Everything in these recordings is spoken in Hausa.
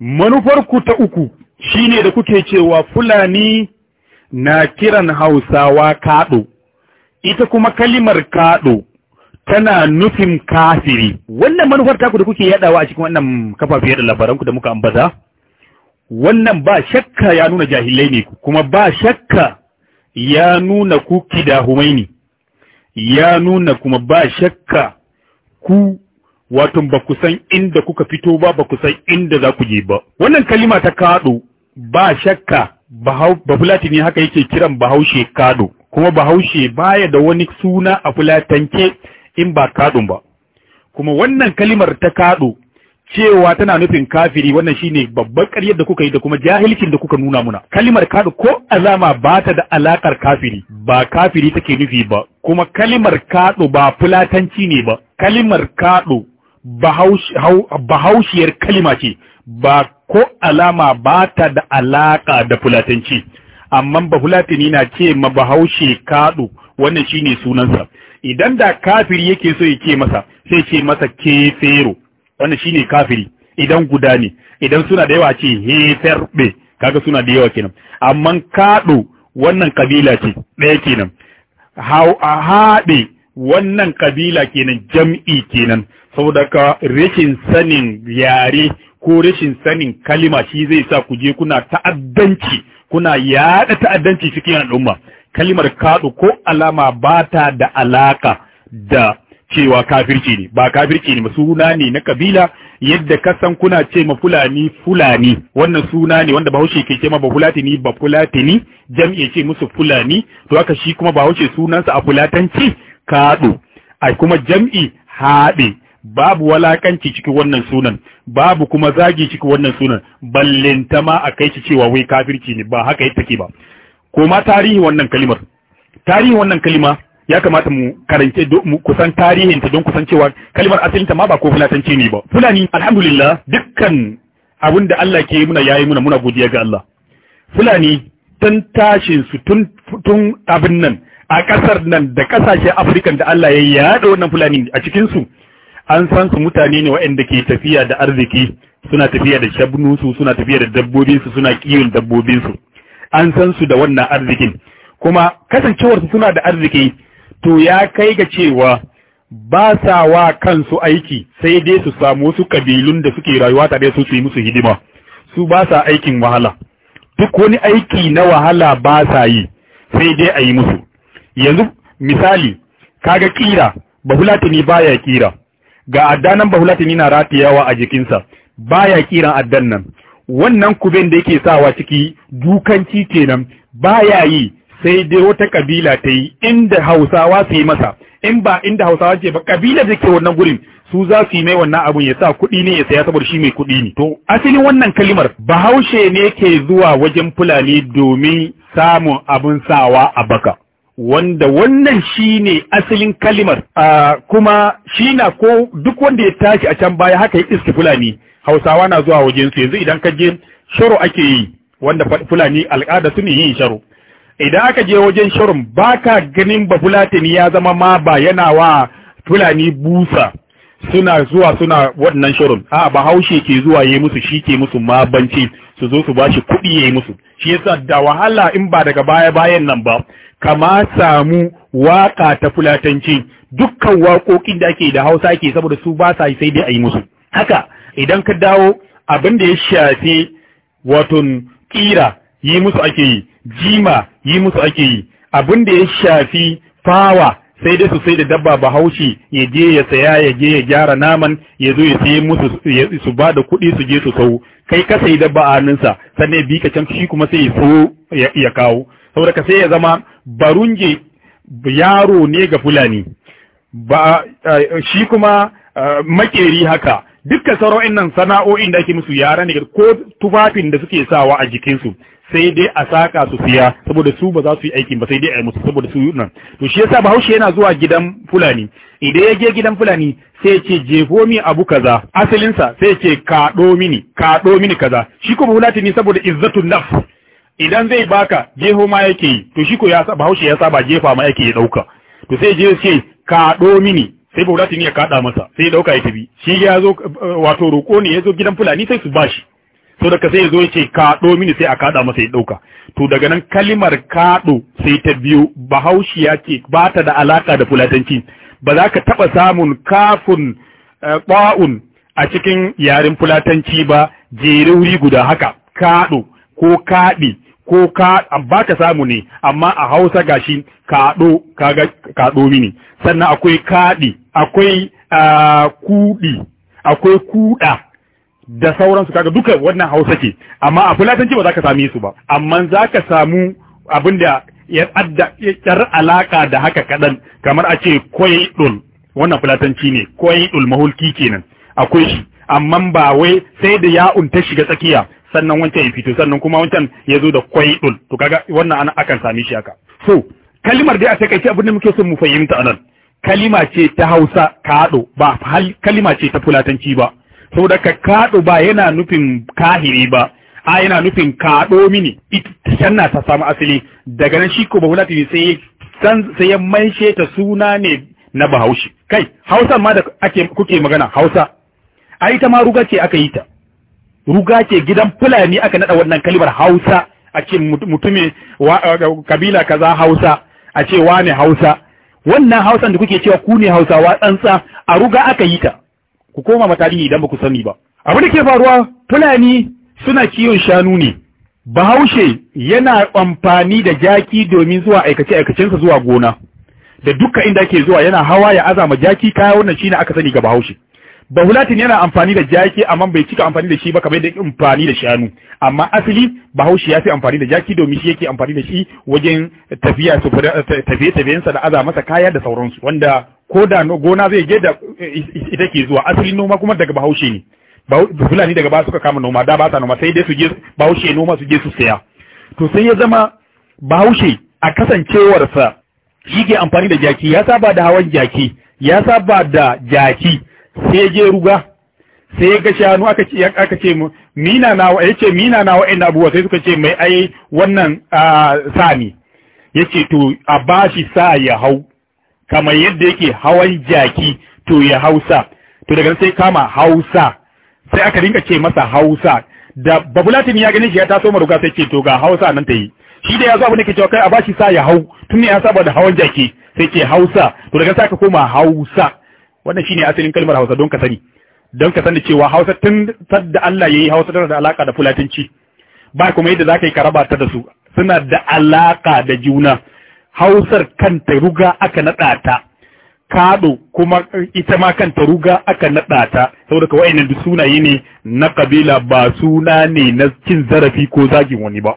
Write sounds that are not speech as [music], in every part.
manufarku ta uku shine da kuke cewa fulani na kiran hausawa kaɗo ita kuma kalimar kaɗo tana nufin kafiri wannan manufar taku da kuke yadawa a cikin wannan kafafe yada labaranku da muka ambata wannan ba shakka ya nuna jahilai ne kuma ba shakka ya nuna ku ne ya nuna kuma ba shakka ku wato ba ku san inda kuka fito ba ba ku san inda za ku je ba wannan kalima ta kado ba shakka ba fulatini haka yake kiran bahaushe kado kuma bahaushe baya da wani suna a fulatance in ba kado ba kuma wannan kalimar ta kado cewa tana nufin kafiri wannan shine babbar ƙaryar da kuka yi da kuma jahilcin da kuka nuna muna kalimar kado ko azama ba ta da alakar kafiri ba kafiri take nufi ba kuma kalimar kado ba fulatanci ne ba kalimar kado bahaushiyar kalima ce ba ko alama ba ta da alaƙa da fulatanci amma bafulatani na ce ma bahaushe kaɗu wannan shine sunansa idan da kafiri yake so ya ce masa sai ce masa kefero wannan shine kafiri idan guda ne idan suna da yawa ce heferbe kaga suna da yawa kenan amma kaɗo wannan kabila ce ɗaya kenan haɗe wannan kabila kenan jam'i kenan saboda ka rashin sanin yare ko rashin sanin kalima shi zai sa ku je kuna ta'addanci kuna yada ta'addanci cikin al'umma kalimar kaɗu ko alama ba ta da alaka da cewa kafirci ne ba kafirci ne suna ne na kabila yadda ka san kuna ce ma fulani fulani wannan suna ne wanda bahaushe ke ce ma ba ba bafulatini jam'i ce musu fulani to haka shi kuma bahaushe sunansa a fulatanci kaɗu a kuma jam'i haɗe babu walakanci cikin wannan sunan babu kuma zagi cikin wannan sunan ballinta ma a kai ci cewa wai kafirci ne ba haka ke ba kuma tarihi wannan kalimar tarihi wannan kalima ya kamata mu karance mu kusan tarihinta don kusan cewa kalimar asalinta ma ba ko fulatanci ne ba fulani alhamdulillah dukkan abin da Allah ke muna yayi muna muna godiya ga Allah fulani tun tashin su tun tun abin nan a kasar nan da kasashen Afrika da Allah ya yaɗa wannan fulani a cikin su an san su mutane ne waɗanda ke tafiya da arziki suna tafiya da shabnusu suna tafiya da dabbobinsu suna kiyon dabbobinsu an san su da wannan arzikin kuma kasancewarsu suna da arziki to ya kai ga cewa ba sa wa kansu aiki sai dai su samu wasu kabilun da suke rayuwa tare su su yi musu hidima su ba sa aikin wahala duk wani aiki na wahala ba sa yi sai dai a yi musu yanzu misali kaga kira bahulatani baya kira ga addanan bahulatin yana ratayawa a jikinsa baya kiran addan nan wannan kuben da yake sawa ciki dukanci kenan baya yi sai dai wata kabila ta yi inda hausawa su yi masa in ba inda hausawa ce ba kabila da ke wannan gurin su za su yi mai wannan abun ya sa kuɗi ne ya saya saboda shi mai kuɗi ne to asalin wannan kalimar bahaushe ne ke zuwa wajen fulani domin samun abun sawa a baka wanda wannan shine asalin kalimar kuma shi na ko duk wanda ya tashi a can baya haka ya iske fulani hausawa na zuwa wajen su yanzu idan ka je sharo ake yi wanda fulani al'ada su ne yin sharo idan aka je wajen sharon baka ganin ba fulatani ya zama ma ba yana wa fulani busa suna zuwa suna wannan sharon a ba haushe ke zuwa yi musu shi ke musu mabanci su zo su bashi kuɗi yi musu shi yasa da wahala in ba daga baya bayan nan ba kama samu waka ta fulatanci dukkan waƙoƙin da ake da hausa ake saboda su ba sa sai dai a yi musu haka idan ka dawo abin da ya shafi watan kira yi musu ake yi jima yi musu ake yi abin da ya shafi fawa sai dai su sai da dabba bahaushe ya je ya saya ya je ya gyara naman ya zo ya sai musu su ba da kuɗi su je su sau kai ka sai dabba a hannunsa sannan ya bi ka can shi kuma sai ya so ya kawo saboda ka sai ya zama barunge yaro ne ga fulani ba shi kuma makeri haka dukkan sauran nan sana'o'in da ake musu yara ne ko tufafin da suke sawa a jikinsu sai dai a saka su siya saboda su ba za su yi aikin ba sai dai a yi musu saboda su yi nan to shi yasa bahaushe yana zuwa gidan fulani idan ya je gidan fulani sai ce jefo mi abu kaza asalinsa sai ce kaɗo mini kaɗo mini kaza shi kuma fulatini saboda izzatun nafs idan zai baka jeho ma yake yi to shi ko ya saba haushi ya saba jefa ma yake ya dauka to sai je ce ka do mini sai bauda tuni ya kada masa sai ya dauka ya tabi, shi ya zo eh, wato roko ne ya zo gidan fulani sai su bashi to daga sai ya zo ya ka do mini sai a kada masa ya dauka to daga nan kalimar kaɗo sai ta biyo bahaushe yake ce ba ta da alaka da fulatanci ba za ka taɓa samun kafun ba'un eh, a cikin yaren fulatanci ba jeruri guda haka kaɗo ko kaɗi ko ka ba ka samu ne amma a hausa gashi kaɗo kaga kaɗo mini sannan akwai kaɗi akwai kuɗi akwai kuɗa da sauransu kaga duka wannan hausa ke amma a fulatanci ba za ka same su ba amma za ka samu abin da ya adda alaka da haka kaɗan kamar a ce koyidul wannan fulatanci ne koyidul mahulki kenan akwai shi amma ba wai sai da ya'un ta shiga tsakiya sannan wancan ya fito sannan kuma wancan ya zo da kwai ɗul to kaga wannan ana akan sami shi haka so kalimar dai a takaice abin da muke son mu fahimta anan kalima ce ta Hausa kaɗo ba kalima ce ta fulatanci ba saboda ka kaɗo ba yana nufin kahiri ba a yana nufin kaɗo mini ita na ta samu asali daga nan shi ko ba fulatani sai sai ya maishe ta suna ne na bahaushe kai Hausa ma da ake kuke magana Hausa ai ta ma ruga ce aka yi ta ruga ce gidan fulani aka nada wannan kalibar hausa a ce mutumin eh, eh, kabila kaza hausa a ce wane hausa wannan hausan da kuke cewa ku ne hausawa tsantsa a ruga aka yi ta ku koma matarihi idan ba ku sani ba abin da ke faruwa fulani suna kiwon shanu ne bahaushe yana amfani da jaki domin zuwa aikace aikacensa zuwa gona da duka inda ke zuwa yana hawa ya azama jaki kaya wannan shine aka sani ga bahaushe bahulatin yana amfani da jaki amma bai cika amfani da shi ba kamar yadda amfani da shanu amma asali bahaushe ya fi amfani da jaki domin shi yake amfani da shi wajen tafiya tafiye tafiyensa da aza masa kaya da sauransu wanda ko da gona zai je da eh, ita ke zuwa asali noma kuma daga bahaushe ne fulani daga ba suka kama noma da ba sa noma sai dai su je bahaushe noma su je su saya to sai ya zama bahaushe a kasancewarsa shi ke amfani da jaki ya saba da hawan jaki ya saba da jaki sai je ruga sai ga shanu aka ce aka ce mina na wa yace mina na wa abuwa sai suka ce mai ai wannan sami yace to a bashi sa ya hau kamar yadda yake hawan jaki to ya hausa to daga sai kama hausa sai aka rinka ce masa hausa da babulatin ya gani shi ya taso maruga sai ce to ga hausa nan ta yi shi da ya zo abin da ke cewa kai a bashi sa ya hau tun ne ya saba da hawan jaki sai ce hausa to daga sai aka koma hausa wannan shine asalin kalmar Hausa don ka sani don ka sani cewa Hausa tun da Allah yayi Hausa tana da alaka da fulatanci ba kuma yadda zaka yi karaba ta da su suna da alaka da juna Hausar kanta ruga aka nada ta kado kuma ita ma kanta ruga aka nada ta saboda ka wa'annan duk sunaye ne na kabila ba suna ne na cin zarafi ko zagin wani ba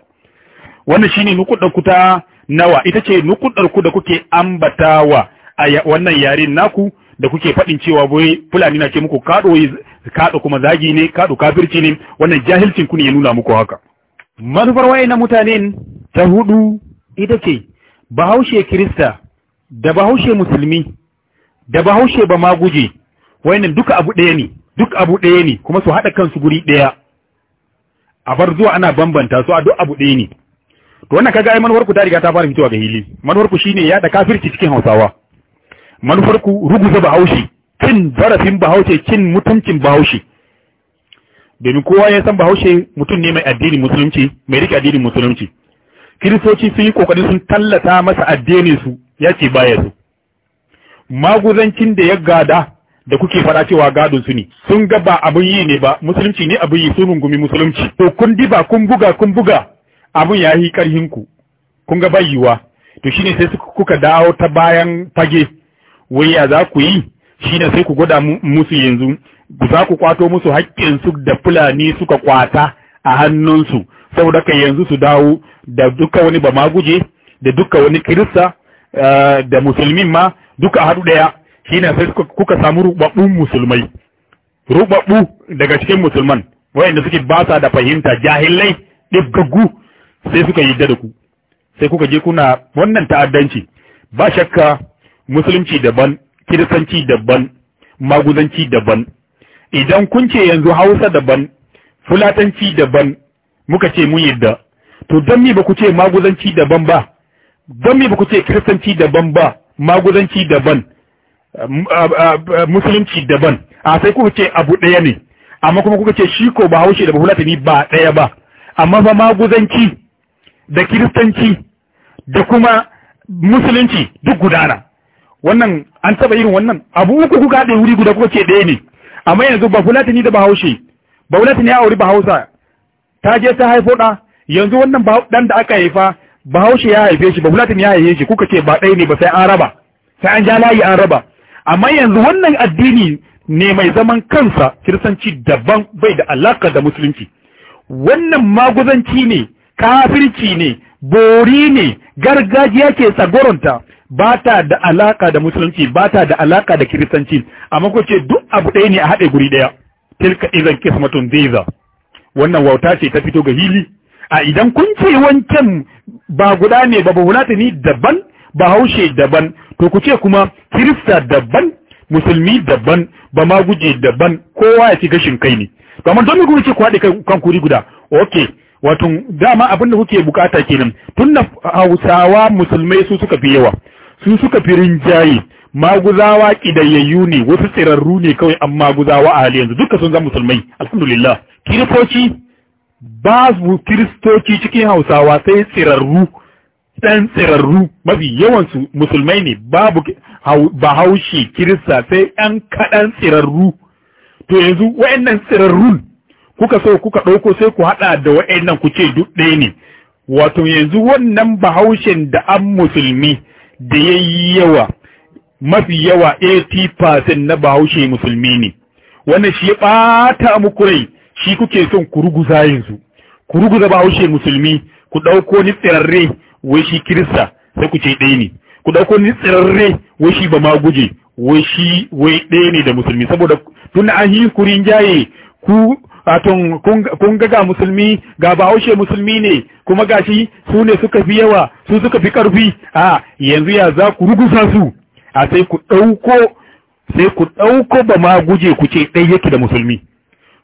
wannan shine nukudar ku ta nawa ita ce nukudar ku da kuke ambatawa a wannan yaren naku da kuke faɗin cewa boye fulani na ce muku kaɗo kaɗo kuma zagi ne kaɗo kafirci ne wannan jahilcin ku ne ya nuna muku haka manufar na mutanen ta hudu ita ce bahaushe kirista da bahaushe musulmi da bahaushe ba ma guje wayannan duka abu ɗaya ne duk abu ɗaya ne kuma su haɗa kansu guri ɗaya a bar zuwa ana bambanta su a duk abu ɗaya ne to wannan kaga ai manufar ku ta riga ta fara fitowa ga hili manufar ku shine yaɗa kafirci cikin Hausawa Manufarku ku ruguza bahaushe cin zarafin bahaushe cin mutuncin bahaushe domin kowa ya san bahaushe mutum ne mai addini musulunci mai rike addinin musulunci kiristoci sun yi kokari sun tallata masa addinin su ya ce baya su maguzancin da ya gada da kuke fara cewa gadon su ne sun ga ba abun yi ne ba musulunci ne abun yi sun rungumi musulunci to kun diba kun buga kun buga abun ya yi karhin ku kun ga bayyuwa to shine sai kuka dawo ta bayan fage Wai ya za ku yi shi ne sai ku gwada musu yanzu za ku kwato musu haƙƙinsu da fulani suka kwata a hannunsu saboda ka yanzu su dawo da duka wani ba maguje da duka wani kirista eh, da musulmin ma duka haɗu ɗaya shi ne sai kuka samu rubabbun musulmai rubabbu daga cikin musulman wayanda suke ba sa da fahimta jahilai ɗibgaggu sai suka yi da ku sai kuka je kuna wannan ta'addanci ba shakka musulunci daban kiristanci daban maguzanci daban idan kun ce yanzu hausa daban fulatanci daban muka ce mun yadda to don me ba ku ce maguzanci daban ba don me ba ku ce kiristanci daban ba maguzanci daban musulunci daban a sai kuka ce abu ɗaya ne amma kuma kuka ce shi ko ba haushe da fulatani ba ɗaya ba amma fa maguzanci da kiristanci da kuma musulunci duk gudana wannan an taba irin wannan abu uku kuka haɗe wuri guda kuka ce ɗaya ne amma yanzu ba ni da bahaushe ba ne ya auri bahausa ta je ta haifo ɗa yanzu wannan ɗan da aka haifa bahaushe ya haife shi ba ne ya haife shi kuka ce ba ɗaya ne ba sai an raba sai an ja layi an raba amma yanzu wannan addini ne mai zaman kansa kiristanci daban bai da alaka da musulunci wannan maguzanci ne kafirci ne bori ne gargajiya ke tsagoronta ba ta da alaka da musulunci ba ta da alaka da kiristanci amma ko ce duk abu ɗaya ne a haɗe guri ɗaya tilka izan kismatun zaiza wannan wauta ce ta fito ga hili a idan kun ce wancan ba guda ne ba bahulata ni daban ba haushe daban to ku ce kuma kirista daban musulmi daban ba ma guje daban kowa ya ci gashin kai ne to amma don ku ce ku haɗe kan kuri guda okay wato dama abin da kuke bukata kenan na hausawa musulmai su suka fi yawa su suka fi rinjaye maguzawa kidayayyu ne wasu tsirarru ne kawai an maguzawa a hali yanzu duka sun zama musulmai alhamdulillah kiristoci babu kiristoci cikin hausawa sai tsirarru ɗan tsirarru mafi yawansu musulmai ne babu bahaushe kirista sai ɗan kaɗan tsirarru to yanzu wa'annan tsirarrun kuka so kuka ɗauko sai ku haɗa da wa'annan ku ce duk ɗaya ne wato yanzu wannan bahaushen da an musulmi da ya yi yawa mafi yawa 80% na bahaushe musulmi ne wannan shi ya bata muku rai shi kuke son ku ruguza yanzu ku ruguza bahaushe musulmi ku dauko ni tsirarre wai shi kirista sai ku ce ɗaya ne ku dauko ni tsirarre wai shi ba ma guje wai shi wai ɗaya ne da musulmi saboda tun an yi kurin jaye ku Atun kun ga musulmi ga bahaushe musulmi ne kuma gashi su ne suka fi yawa su suka fi karfi a yanzu ya za ku rugusa su a sai ku ɗauko sai ku ɗauko ba ma guje ku ce ɗaya yake da musulmi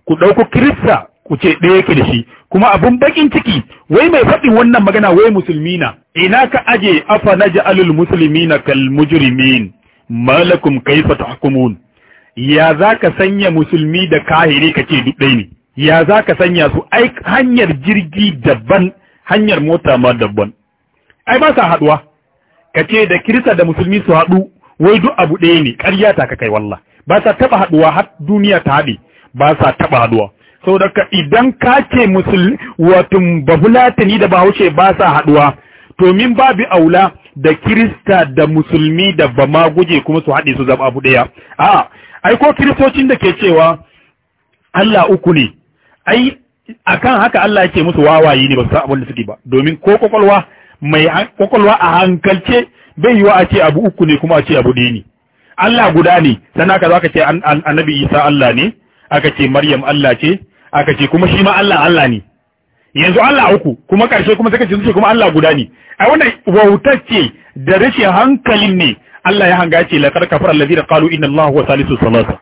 ku ɗauko kirista ku ce ɗaya yake da shi kuma abun bakin ciki wai mai faɗin wannan magana wai musulmi na ina ka aje afa na ja'alul musulmi na kal mujrimin malakum kaifa tahkumun ya za ka sanya musulmi da kahiri ka ce duk ɗai ne ya za ka sanya su ai hanyar jirgi daban hanyar mota ma daban ai ba sa haɗuwa ka ce da kirista da musulmi su haɗu wai duk abu ɗaya ne ƙarya ta ka kai wallah ba sa taɓa haɗuwa har duniya ta haɗe ba sa taɓa haɗuwa saboda idan ka ce musulmi wato bafulatani da bahaushe ba sa haɗuwa to min babu aula da kirista da musulmi da ba ma guje kuma su haɗe su zama abu ɗaya a ai ko kiristocin da ke cewa Allah uku ne ai akan haka Allah yake musu wawaye ne ba su san abin da suke ba domin ko kokolwa mai kokolwa a hankalce bai yi wa a ce abu uku ne kuma a ce abu ɗaya ne Allah guda ne sannan aka zaka ce annabi Isa Allah ne aka ce Maryam Allah ce aka ce kuma shi ma Allah Allah ne yanzu Allah uku kuma karshe kuma suka ce kuma Allah guda ne ai wannan wautacce da rashin hankalin ne Allah ya hanga ce la karkafar allazina qalu inna Allah huwa salisu salasa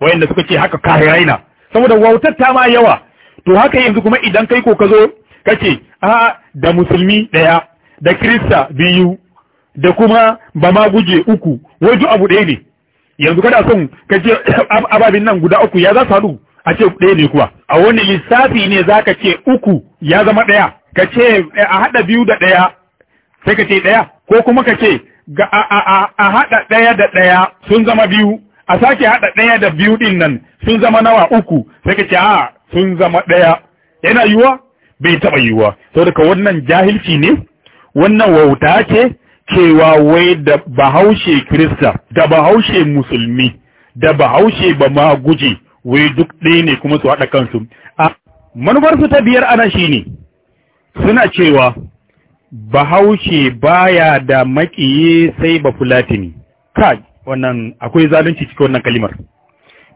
wayanda suka ce haka kahiraina saboda wautar ta ma yawa to haka yanzu kuma idan kai ko ka zo kace a da musulmi daya da kirista biyu da kuma ba ma guje uku wai duk abu ɗaya ne yanzu kada son ka ce [coughs] ababin nan guda uku ya za su haɗu a ce ɗaya ne kuwa a wani lissafi ne za ka ce uku ya zama ɗaya ka ce a haɗa biyu da ɗaya sai ka ce ɗaya ko kuma ka ce ga a a haɗa ɗaya da ɗaya sun zama biyu a sake haɗa ɗaya da biyu ɗin nan sun zama nawa uku sai ka ce a ah, sun zama ɗaya yana yiwuwa bai taɓa yiwuwa saboda daga wannan jahilci ne wannan wauta ce cewa wai da bahaushe kirista da bahaushe musulmi da bahaushe ba ma guje wai duk ɗaya ne kuma su haɗa kansu a manufarsu ta biyar ana shi ne suna cewa bahaushe baya da makiye sai ba fulatini kai wannan akwai zalunci cikin wannan kalimar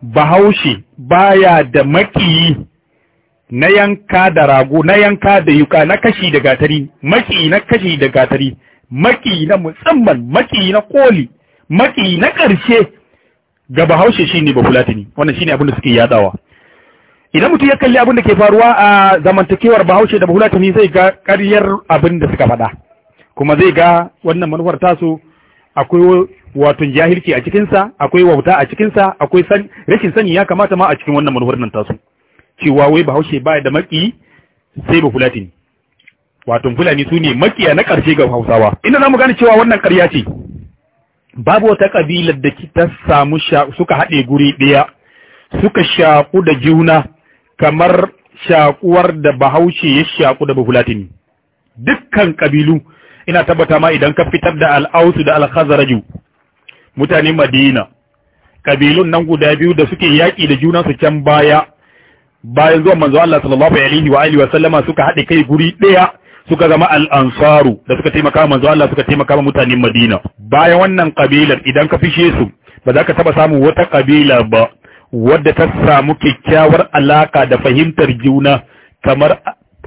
bahaushe baya da makiyi na yanka da rago na yanka da yuka na kashi da gatari maki na kashi da gatari maki na musamman maki na koli maki na ƙarshe ga bahaushe shine ba fulatini wannan shine abin da suke yadawa idan mutum ya kalli abin da ke faruwa a zamantakewar bahaushe da bahulatani zai ga ƙaryar abin da suka faɗa kuma zai ga wannan manufar tasu akwai wato jahilci a cikinsa akwai wauta a cikinsa akwai rashin sani ya kamata ma a cikin wannan manufar nan tasu cewa wai bahaushe baya da maki sai bahulatani wato fulani su ne makiya na ƙarshe ga hausawa inda za mu gane cewa wannan ƙarya ce babu wata ƙabilar da ta samu suka haɗe guri ɗaya suka shaƙu da juna kamar shakuwar da bahaushe ya shaku da Buhulatini. dukkan kabilu ina tabbata ma idan ka fitar da al'ausu da al-khazraju mutanen madina kabilun nan guda biyu da suke yaƙi da junansu can baya bayan zuwan manzo Allah sallallahu alaihi wa alihi wa sallama suka haɗe kai guri ɗaya suka zama al-ansaru da suka taimaka manzo Allah suka taimaka ma mutanen Madina bayan wannan kabilar idan ka fishe su ba za ka taba samun wata kabila ba wadda ta samu kyakkyawar alaka da fahimtar juna kamar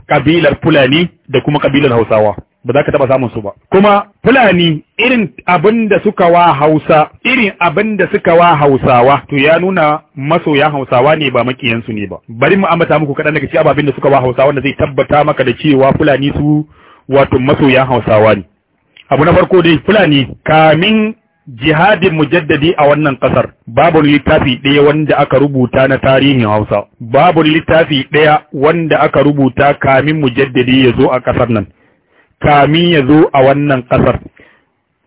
kabilar fulani da kuma kabilar hausawa ba za ka taɓa samun su ba kuma fulani irin abin da suka wa hausa irin abin da suka wa hausawa to ya nuna masoyan hausawa ne ba makiyansu ne ba bari mu ambata muku kaɗan daga cikin abin da suka wa hausawa wanda zai tabbata maka da cewa fulani su wato masoyan hausawa ne abu na farko dai fulani kamin jihadin mujaddadi a wannan kasar babu littafi ɗaya wanda aka rubuta na tarihin Hausa babu littafi ɗaya wanda aka rubuta kamin mujaddadi ya zo a kasar nan kamin ya zo a wannan kasar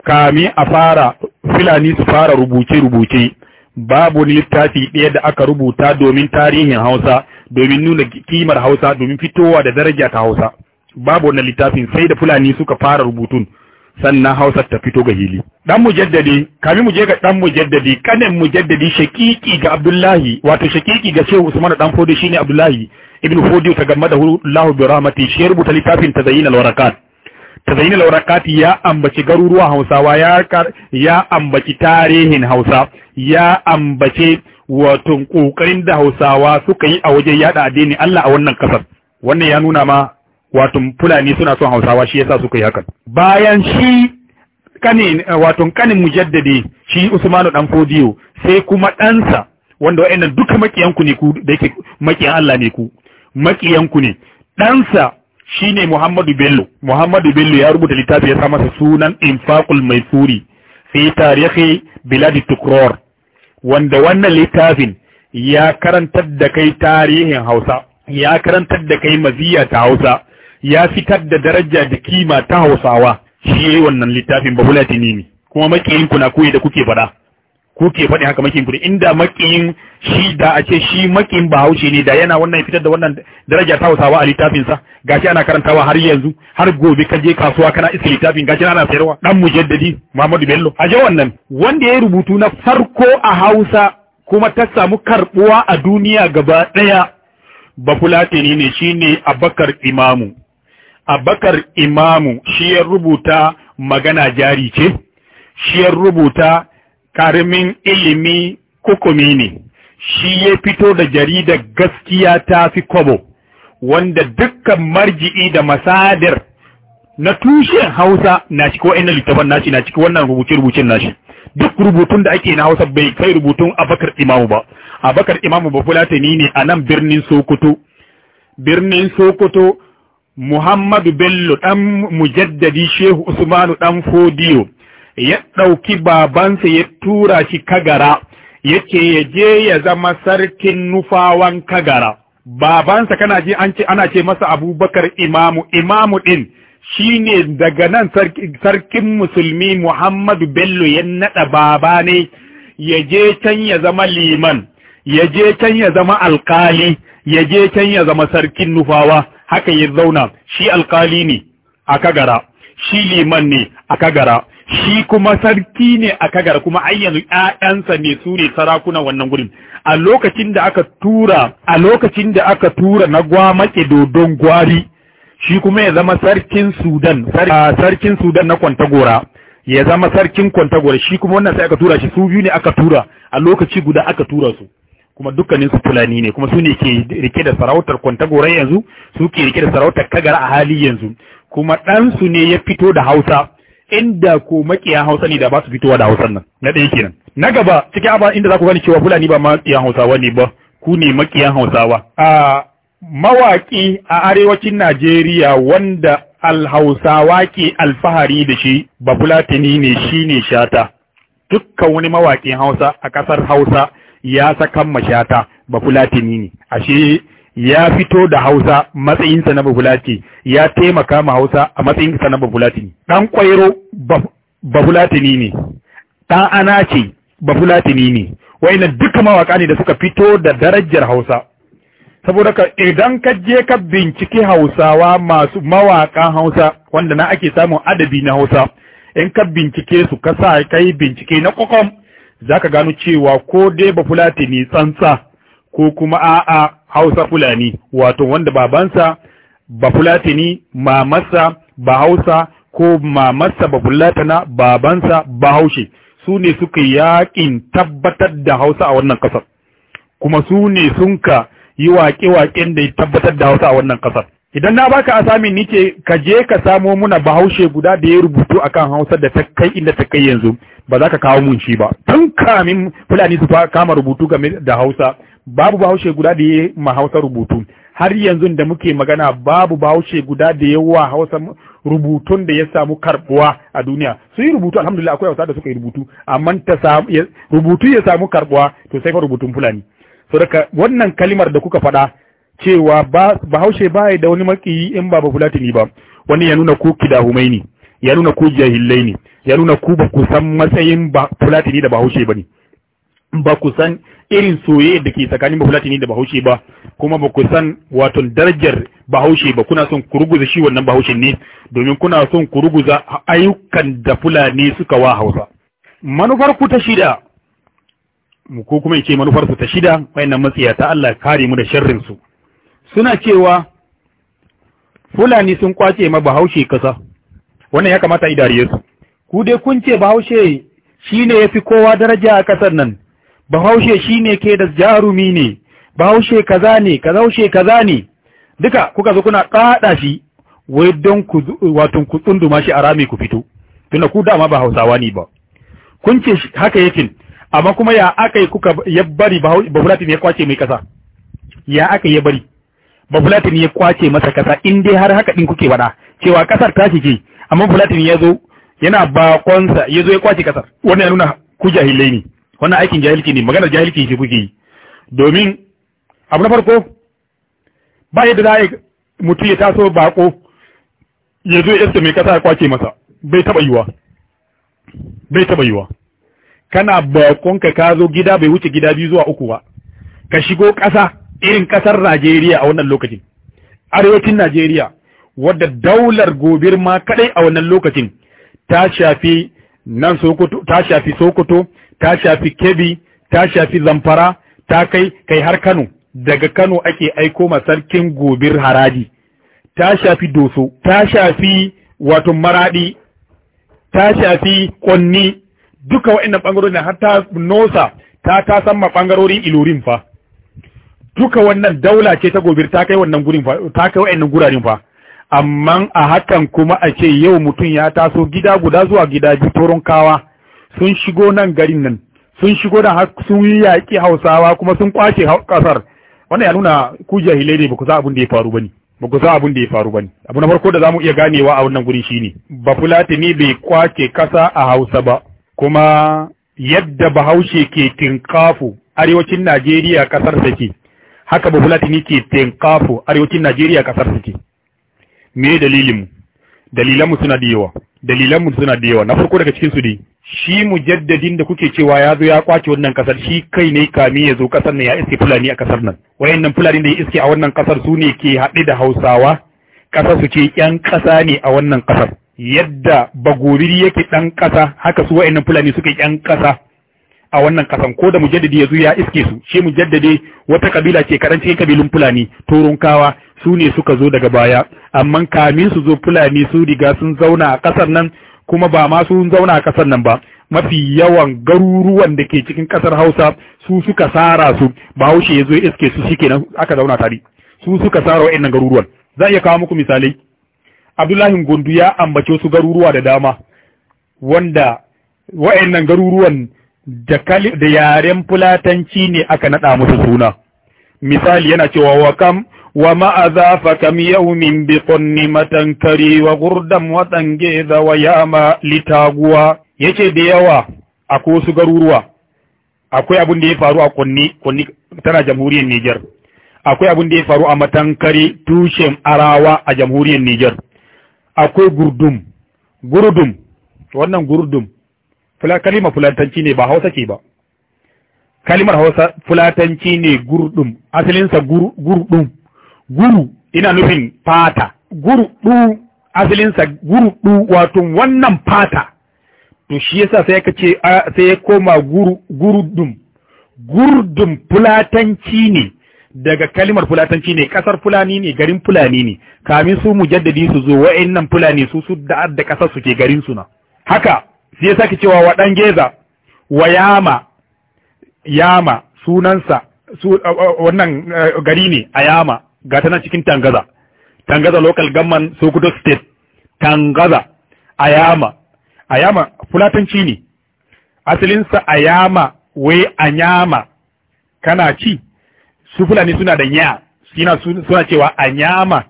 kamin a fara filani su fara rubuce-rubuce babu littafi ɗaya da aka rubuta domin tarihin Hausa domin nuna kimar Hausa domin fitowa da daraja ta Hausa babu wannan littafin sai da fulani suka fara rubutun sannan Hausa ta fito ga hili dan mujaddadi kami mu je ga dan mujaddadi kanin mujaddadi shakiki ga Abdullahi wato shakiki ga Shehu Usman dan Fodi shine Abdullahi ibn Fodi ta gamma da Allahu bi rahmati shi rubuta littafin Tazayyin al-Warakat Tazayyin al-Warakat ya ambaci garuruwa Hausawa ya ya ambaci tarihin Hausa ya ambace wato kokarin da Hausawa suka yi a wajen yada addini Allah a wannan kasar wannan ya nuna ma wato fulani suna son hausawa shi yasa suka yi hakan bayan shi kanin wato kanin mujaddadi shi Usmanu dan Fodiyo sai kuma ɗansa wanda wa'annan duka ku ne ku da yake makiyan Allah ne ku ku ne ɗansa shine Muhammadu Bello Muhammadu Bello ya rubuta littafi ya sa masa sunan Infaqul Maisuri fi tarihi biladi Tukror wanda wannan littafin ya karantar da kai tarihin Hausa ya karantar da kai maziya Hausa ya fitar da daraja da kima ta hausawa shi yi wannan littafin ta ne kuma makiyin ku na koyi da kuke faɗa kuke faɗi haka makiyin ku inda makiyin shi da a ce shi makiyin ba haushe ne da yana wannan fitar da wannan daraja ta hausawa a littafin sa gashi ana karantawa har yanzu har gobe ka je kasuwa kana iska littafin gashi ana sayarwa dan mujaddadi Muhammadu Bello a je wannan wanda ya rubutu na farko a Hausa kuma ta samu karbuwa a duniya gaba daya Bafulatini ne shine Abakar Imamu abakar imamu shi ya rubuta magana jari ce shi ya rubuta karimin ilimi kukumi ne shi ya fito da jaridar gaskiya ta fi kobo wanda dukkan marji'i da masadar na tushen hausa na shi ko ina littafan nashi na ciki wannan rubuce-rubucen nashi duk rubutun da ake na hausa bai kai rubutun abakar imamu ba abakar imamu ba fulatani ne a nan birnin sokoto birnin sokoto Muhammadu Bello ɗan mujaddadi Shehu Usmanu ɗan Fodiyo ya ɗauki babansa ya tura shi kagara yake ya je ya zama sarkin nufawan kagara. Babansa kana ji an ce ana ce masa abubakar imamu, imamu ɗin shi ne daga nan sarkin musulmi Muhammadu Bello ya naɗa baba ne ya je can ya zama liman, ya je can ya zama alkali, ya je can ya zama sarkin nufawa. haka ya zauna shi alkali ne a kagara shi liman ne a kagara shi kuma sarki ne a kagara kuma ayyanzu yayansa ƴaƴansa ne su ne sarakuna wannan gurin a lokacin da aka tura a lokacin da aka tura na gwamake dodon gwari shi kuma ya zama sarkin Sudan sarkin Sudan na Kwantagora ya zama sarkin Kwantagora shi kuma wannan sai aka tura shi su biyu ne aka tura a lokaci guda aka tura su kuma dukkanin su fulani ne kuma su ne ke rike da sarautar kwantagorai yanzu su ke rike da sarautar kagara a hali yanzu kuma ɗansu ne ya fito da hausa inda ko makiyan hausa ne da ba su fitowa da hausan nan na ɗaya kenan na gaba cikin aba inda za ku gani cewa fulani ba makiyan hausawa ne ba ku ne makiyan hausawa a mawaƙi a arewacin najeriya wanda alhausawa ke alfahari da shi ba fulatani ne shi ne shata dukkan wani mawaƙin hausa a ƙasar hausa ya sakan mashata bafulatini ne ashe ya fito da Hausa matsayinsa na bafulati ya taimaka ma Hausa a matsayinsa na bafulatini dan kwairo bafulatini ne dan anace bafulatini ne wayannan duka mawaka ne da suka fito da darajar Hausa saboda ka idan ka je ka binciki Hausawa masu mawaƙan Hausa wanda na ake samun adabi na Hausa in ka bincike su ka sa kai bincike na kokon za ka gano cewa ko dai ba ne tsantsa ko kuma a'a hausa fulani wato wanda babansa ba ne mamarsa ba hausa ko mamarsa ba fulatana babansa ba haushe su ne suka yaƙin tabbatar da hausa a wannan ƙasar kuma su ne sun ka yi waƙe-waƙen da ya tabbatar da hausa a wannan ƙasar idan na baka asami ni ce ka je ka samo muna bahaushe guda da ya rubutu akan hausa da ta kai inda ta kai yanzu ba za ka kawo mun shi ba tun kamin fulani su kama rubutu game da hausa babu bahaushe guda da ya ma hausa rubutu har yanzu da muke magana babu bahaushe guda da wa hausa rubutun da ya samu karbuwa a duniya su yi rubutu alhamdulillah akwai hausa da suka yi rubutu amma ta samu rubutu ya samu karbuwa to sai fa rubutun fulani so daga wannan kalimar da kuka faɗa cewa bahaushe ba da wani makiyi in ba ba fulatini ba wani ya nuna ko ku kidahumaini ya nuna ku jahillai ne ya nuna ku ba ku san matsayin ba fulatini da bahaushe ba ne ba ku san irin soye da ke tsakanin ba fulatini da bahaushe ba kuma ba ku san wato darajar bahaushe ba kuna son ku ruguza shi wannan bahaushe ne domin kuna son ku ruguza ayyukan da fulani suka wa hausa manufar ku ta shida ko kuma ce manufar su ta shida wayannan matsiya ta Allah kare mu da sharrin su suna cewa fulani sun kwace ma bahaushe kasa wannan ya kamata a yi su ku dai kun ce bahaushe shi ne ya fi kowa daraja a ƙasar nan bahaushe shi ne ke da jarumi ne bahaushe kaza ne kazaushe kaza ne duka kuka zo kuna kada shi wai don ku wato ku tsunduma shi a rami ku fito tunda ku dama ba Hausawa ne ba kun ce haka yake amma kuma ya yi kuka ya bari Babulatin ya kwace mai kasa ya yi ya bari Babulatin ya kwace masa kasa in dai har haka ɗin kuke wada cewa ƙasar ta ce amma fulatin ya zo yana bakonsa ya zo ya kwace kasar wannan ya nuna ku jahilai ne wannan aikin jahilci ne maganar jahilci shi kuke yi domin abu na farko ba yadda za a mutum ya taso bako ya zo ya mai kasa ya kwace masa bai taba yiwa bai taba yiwa kana bakonka ka zo gida bai wuce gida biyu zuwa uku ba ka shigo kasa irin kasar Najeriya a wannan lokacin arewacin Najeriya wadda daular gobir ma kadai a wannan lokacin ta shafi nan Sokoto ta shafi Sokoto ta shafi Kebbi ta shafi Zamfara ta kai kai har Kano daga Kano ake aiko ma sarkin gobir haraji ta shafi Doso ta shafi wato Maradi ta shafi Konni duka wa'annan bangarorin har ta Nosa ta ta samma bangarorin Ilorin fa duka wannan daula ce ta gobir ta kai wannan gurin fa ta kai wa'annan gurarin fa amma a hakan kuma a ce yau mutum ya taso gida guda zuwa gida biyu toron kawa sun shigo nan garin nan sun shigo da sun yi yaƙi hausawa kuma sun kwace ƙasar wannan ya nuna ku jahilai ne ba ku san abin da ya faru bane ba ku san abin da ya faru bane abu na farko da zamu iya ganewa a wannan gurin shine ba fulatini bai kwace kasa a hausa ba kuma yadda bahaushe ke tinkafu arewacin najeriya ƙasar take haka bafulatini ke tinkafu arewacin najeriya ƙasar take me dalilin mu dalilan mu suna da yawa dalilan mu suna da yawa na farko daga cikin su dai shi mujaddadin da kuke cewa ya zo ya kwace wannan kasar shi kai ne kami ya zo kasar nan ya iske fulani a kasar nan wayannan fulani da ya iske a wannan kasar su ne ke haɗe da hausawa kasar su ce yan kasa ne a wannan kasar yadda bagoriri yake ɗan ƙasa haka su wayannan fulani suke yan kasa a wannan kasan ko da mujaddadi ya zo ya iske su shi mujaddade wata kabila ce karanci cikin kabilun fulani turunkawa su ne suka zo daga baya amma kamin su zo fulani su riga sun zauna a ƙasar nan kuma ba ma sun zauna a ƙasar nan ba mafi yawan garuruwan da ke cikin ƙasar hausa su suka sara su bahaushe ya zo iske su shi kenan aka zauna tare su suka sara wa'annan garuruwan za iya kawo muku misalai abdullahi gondu ya ambace wasu garuruwa da dama wanda wa'annan garuruwan da yaren fulatanci ne aka naɗa musu suna misali yana cewa wa kam وَمَا أَذَافَكَ مِنْ يَوْمٍ بِقُنِّ مَتَنْكَرِي وَغُرْدًا وَتَنْجِذَ وَيَامَ لِتَاغُوَا yake da yawa akwai wasu garuruwa akwai abin da ya faru a kunni kunni tana jamhuriyar Niger akwai abin da ya faru a matankari tushen arawa a jamhuriyar Niger akwai gurdum gurdum wannan gurdum fula fulatanci ne ba hausa ke ba kalmar hausa fulatanci ne gurdum asalin sa guru ina nufin fata gurɗu asalinsa gurɗu wato wannan fata to shi yasa sai ka ce sai ya koma gurdum gurdum fulatanci ne daga kalimar fulatanci ne kasar fulani ne garin fulani ne kamin su mujaddadi su zo wa'annan fulani su su da adda kasar su ke garin su na haka sai yasa ka cewa wadan geza wa yama sunansa su wannan eh, gari ne a yama ga ta nan cikin tangaza tangaza local government sokoto state tangaza ayama ayama fulatanci ne asalinsa ayama wai anyama kana ci su fulani suna da nya suna suna cewa anyama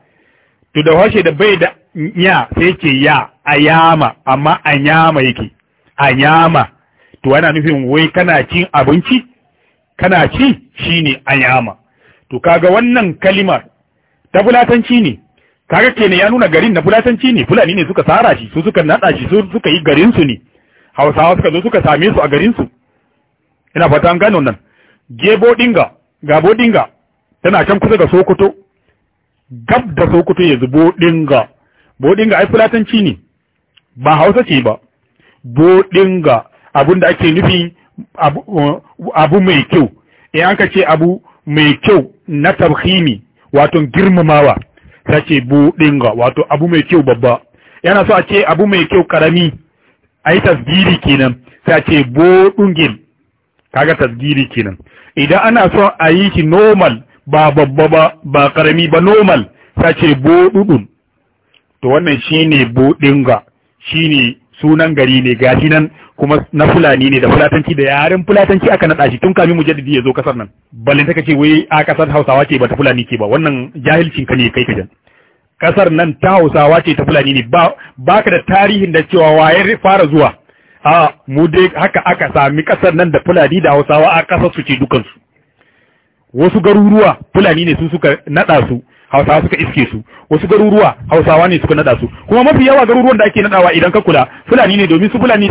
to da washe da bai da nya sai ce ya ayama amma anyama yake anyama to ana nufin wai kana cin abinci kana ci shine anyama to kaga wannan kalimar ta fulatanci ne kaga kenan ya nuna garin na fulatanci ne fulani ne suka sara shi su suka nada shi su suka yi garin su ne hausawa suka zo suka same su a garin su ina fata an gano nan gebo dinga gabo dinga tana can kusa ga sokoto gab da sokoto yanzu zubo dinga bo dinga ai fulatanci ne ba hausa ce ba bo dinga abun da ake nufi abu, uh, mai kyau in an ka ce abu mai kyau na tabhimi wato girmamawa ta ce buɗinga wato abu mai kyau babba yana so a ce abu mai kyau karami a yi tasgiri kenan ta ce buɗungin kaga tasgiri kenan idan ana so a yi shi normal ba babba ba ba karami ba normal ta ce buɗuɗun to wannan shine buɗinga shine sunan gari ne gashi nan kuma na fulani ne da fulatanci da yaren fulatanci aka naɗa shi tun kami mujaddidi ya zo kasar nan balle ta ce wai a kasar hausawa ce ba ta fulani ce ba wannan jahilcin ka ne kai kajan kasar nan ta hausawa ce ta fulani ne ba baka da tarihin da cewa waye fara zuwa a mu dai haka aka sami kasar nan da fulani da hausawa a kasar su ce dukansu wasu garuruwa fulani ne su suka naɗa su hausawa suka iske su wasu garuruwa hausawa ne suka nada su kuma mafi yawa garuruwan da ake nadawa idan ka kula fulani ne domin su fulani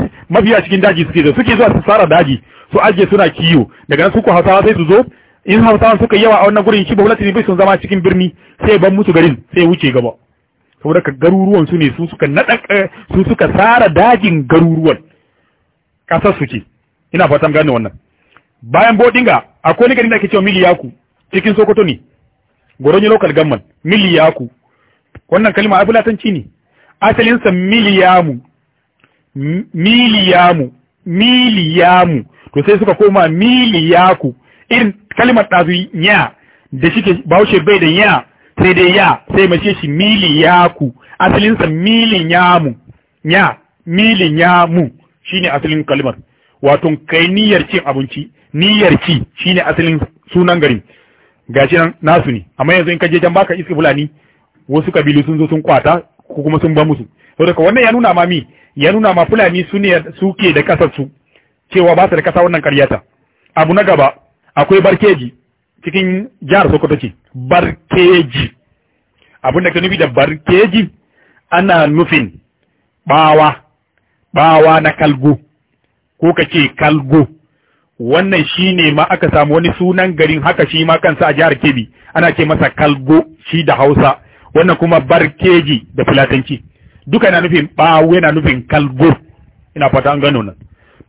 yawa cikin daji suke da suke zuwa su sara daji su ajiye suna kiyo daga nan su ko hausawa sai su zo in hausawa suka yawa a wannan gurin shi ba wulatin bai sun zama cikin birni sai ban musu garin sai wuce gaba saboda ka garuruwan su ne su suka nada eh, su suka sara dajin garuruwan kasar suke ce ina fatan gane wannan bayan bodinga akwai ni garin da ake cewa miliyaku cikin sokoto ne goronyo local government miliyaku wannan kalma a bulatanci ne asalinsa miliyamu miliyamu miliyamu to sai suka koma miliyaku irin kalmar ɗazu ya da shike baushe bai da ya sai dai ya sai mace shi miliyaku asalinsa miliyamu ya miliyamu shine asalin kalmar wato kai niyyar cin abinci niyyar ci shine asalin sunan garin gashi nan nasu ne amma yanzu in kaje je can baka iske fulani wasu kabilu sun zo sun kwata ko kuma sun ba musu saboda wannan ya nuna ma mi ya nuna ma fulani su ne suke da kasar su cewa ba su da kasa wannan karyata abu na gaba akwai barkeji cikin jihar Sokoto ce barkeji abin da ke nufi da barkeji ana nufin bawa bawa na kalgo ko ka ce kalgo wannan shi ne ma aka samu wani sunan garin haka shi ma kansa a jihar Kebbi ana ce masa kalgo shi da Hausa wannan kuma barkeji da filatanci duka yana nufin bawo yana nufin kalgo ina fata an gano nan